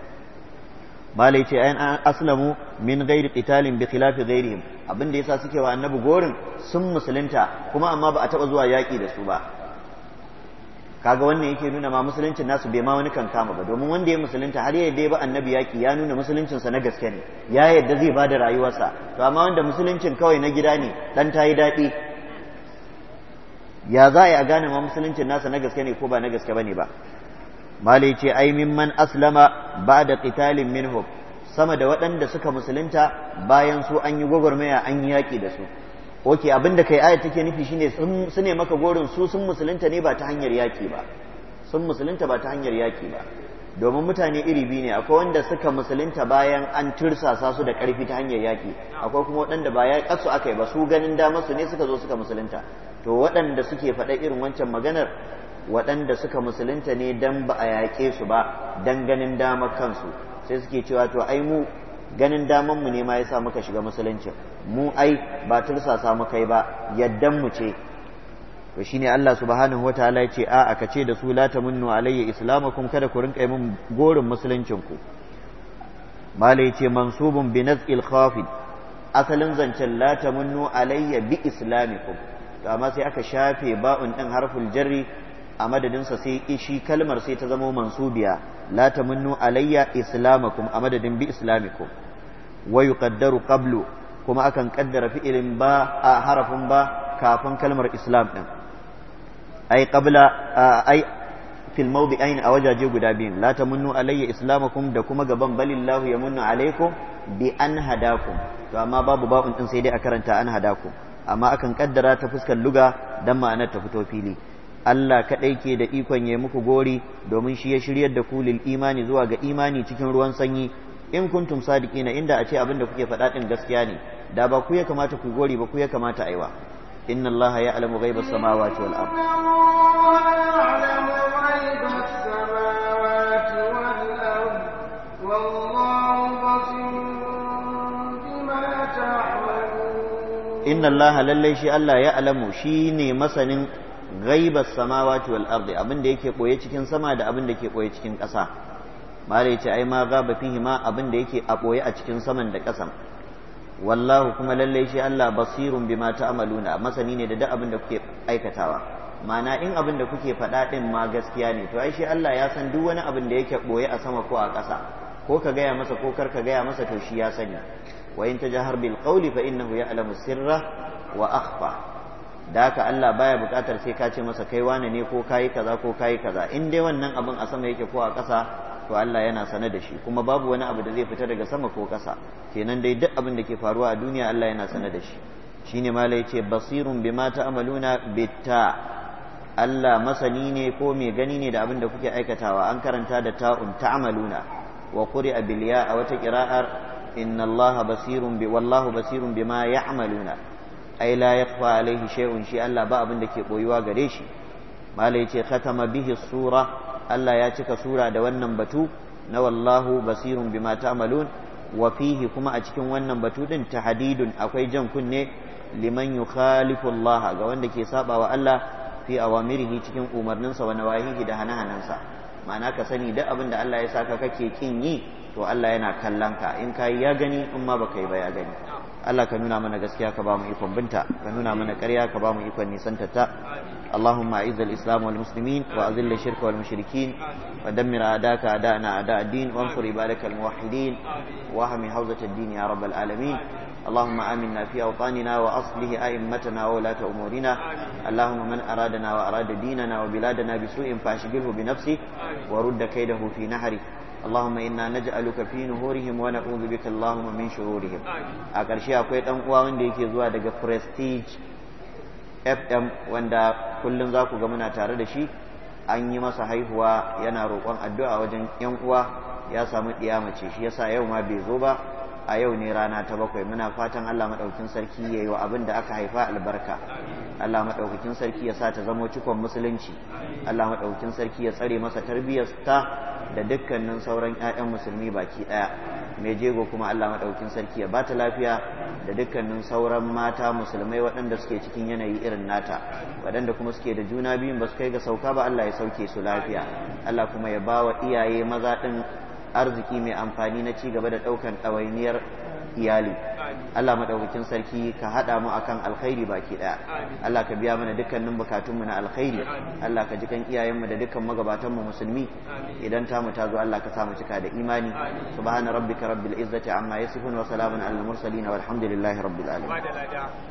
A: malai ce ayan aslamu min ghairi qitalin bi khilafi ghairihim abinda yasa suke wa annabi gorin sun musulunta kuma amma ba a taba zuwa yaki da su ba kaga wannan yake nuna ma musuluncin nasu bai ma wani kankama ba domin wanda ya musulunta har yadda ba annabi yaki ya nuna musuluncin sa na gaske ne ya yadda zai bada rayuwarsa to amma wanda musuluncin kawai na gida ne dan tayi dadi ya za a gane ma musuluncin nasa na gaske ne ko ba na gaske bane ba malai ce ai mimman aslama ba da qitalin minhum sama da waɗanda suka musulunta bayan su an yi gwagwarmaya an yi yaƙi da su oke abinda kai ayat take nufi shine su ne maka gorin su sun musulunta ne ba ta hanyar yaƙi ba sun musulunta ba ta hanyar yaƙi ba domin mutane iri biyu ne akwai wanda suka musulunta bayan an tursasa su da ƙarfi ta hanyar yaƙi akwai kuma waɗanda ba ya su aka yi ba su ganin damar su ne suka zo suka musulunta to waɗanda suke faɗa irin wancan maganar waɗanda suka musulunta ne dan ba a yaƙe su ba dan ganin dama kansu sai suke cewa to ai mu ganin daman mu ne ma yasa muka shiga musulunci mu ai ba tursasa mu kai ba yaddan mu ce to shine Allah subhanahu wataala ce a aka ce da su la tamunnu alayya islamakum kada ku rinka min gorin musuluncin ku mala yace mansubun bi naz'il asalin zancen la tamunnu alayya bi islamikum to amma sai aka shafe ba'un ɗin harful jarri a madadinsa sai shi kalmar sai ta zama mansubiya la ta munnu alayya islamakum a madadin bi islamikum wa yuqaddaru qablu kuma akan kaddara fi'ilin ba a harafin ba kafin kalmar islam din ai qabla ai fil mawdi'ain a wajaje guda biyun la ta munnu alayya islamakum da kuma gaban balillahu yamunnu alaykum bi an hadakum to amma babu babun din sai dai a karanta an hadakum amma akan kaddara ta fuskar luga dan ma'anar ta fito fili Allah kaɗai ke da ikon ya muku gori domin shi ya shiryar da Kulil imani zuwa ga imani cikin ruwan sanyi in kuntum sadiqina inda a ce abin da kuke faɗa ɗin gaskiya ne da ba ku ya kamata ku gori ba ku ya kamata aiwa inna Allah ya alamu ghaibas samawati wal ard inna Allah lallai shi Allah ya alamu shi ne masanin ghaibas samawati wal ardi abin da yake koye cikin sama da abin da yake koye cikin ƙasa mare ce ai ma gaba fihi ma abin da yake a koye a cikin saman da ƙasan wallahu kuma lallai shi Allah basirun bima ta'maluna masani ne da duk abin da kuke aikatawa ma'ana in abin da kuke faɗa din ma gaskiya ne to ai shi Allah ya san duk wani abin da yake boye a sama ko a ƙasa ko ka gaya masa ko kar ka gaya masa to shi ya sani wa in tajahar bil qawli fa innahu ya'lamu sirra wa akhfa da haka Allah baya buƙatar sai ka ce masa kai wane ne ko kayi kaza ko kayi kaza in dai wannan abin a sama yake ko a ƙasa to Allah yana sane da shi kuma babu wani abu da zai fita daga sama ko ƙasa kenan dai duk abin da ke faruwa a duniya Allah yana sane da shi shine mala yace basirun bima ta'maluna bitta Allah masani ne ko mai gani ne da abin da kuke aikatawa an karanta da ta'un ta'maluna wa quri'a bil ya a wata qira'ar inna Allah basirun bi wallahu basirun bima ya'maluna ai la yaqfa alaihi shay'un shi Allah ba abin da ke boyuwa gare shi malai ce khatama bihi sura Allah ya cika sura da wannan batu na wallahu basirun bima ta'malun wa fihi kuma a cikin wannan batu din tahdidun akwai jan kunne liman yukhalifu Allah ga wanda ke saba Allah fi awamirihi cikin umarninsa wa nawahihi da hanahanansa ma'ana ka sani da abin da Allah ya saka kake kin yi to Allah yana kallon ka in kai ya gani in ma baka yi ba ya gani Allah ka nuna mana gaskiya ka ba mu ikon binta ka nuna mana karya ka ba mu ikon nisan ta ta Allahumma a'izz al-islam wal muslimin wa azill ash-shirk wal mushrikin wa dammir da a'da'ana a'da' ad-din wa anfur ibadaka al-muwahhidin wa hami hawzat din ya rabbal alamin Allahumma aminna fi awtanina wa aslihi a'immatana wa lata umurina Allahumma man aradana wa arada dinana wa biladana bisu'in fashghilhu bi nafsi wa rudda hufi na nahri اللهم إنا نجعلك في نهورهم ونعوذ بك اللهم من شرورهم أكرشي أكويت أن أوان ديكي zuwa daga prestige fm wanda kullum za ku ga muna tare da shi an yi masa haihuwa yana roƙon addu'a wajen yan uwa ya samu ɗiya mace shi yasa yau ma bai zo ba a yau ne rana ta bakwai muna fatan Allah maɗaukin sarki ya yi wa abin da aka haifa albarka Allah maɗaukakin sarki ya sa ta zamo cikon musulunci Allah maɗaukakin sarki ya tsare masa tarbiyyarta da dukkanin sauran 'ya'yan musulmi baki ɗaya mai jego kuma Allah maɗaukin sarki ya ba ta lafiya da dukkanin sauran mata musulmai waɗanda suke cikin yanayi irin nata waɗanda kuma suke da juna biyun ba su kai ga sauka ba Allah ya sauke su lafiya Allah kuma ya ba wa iyaye maza ɗin arziki mai amfani na ci gaba da ɗaukan ɗawainiyar iyali Allah madaukakin sarki ka hada mu akan alkhairi baki daya Allah ka biya mana dukkanin bukatun mu na alkhairi Allah ka jikan iyayen mu da dukkan magabatan mu musulmi idan ta mu ta zo Allah ka sa mu cika da imani subhana rabbika rabbil izzati amma yasifun wa salamun alal mursalin walhamdulillahi rabbil
C: alamin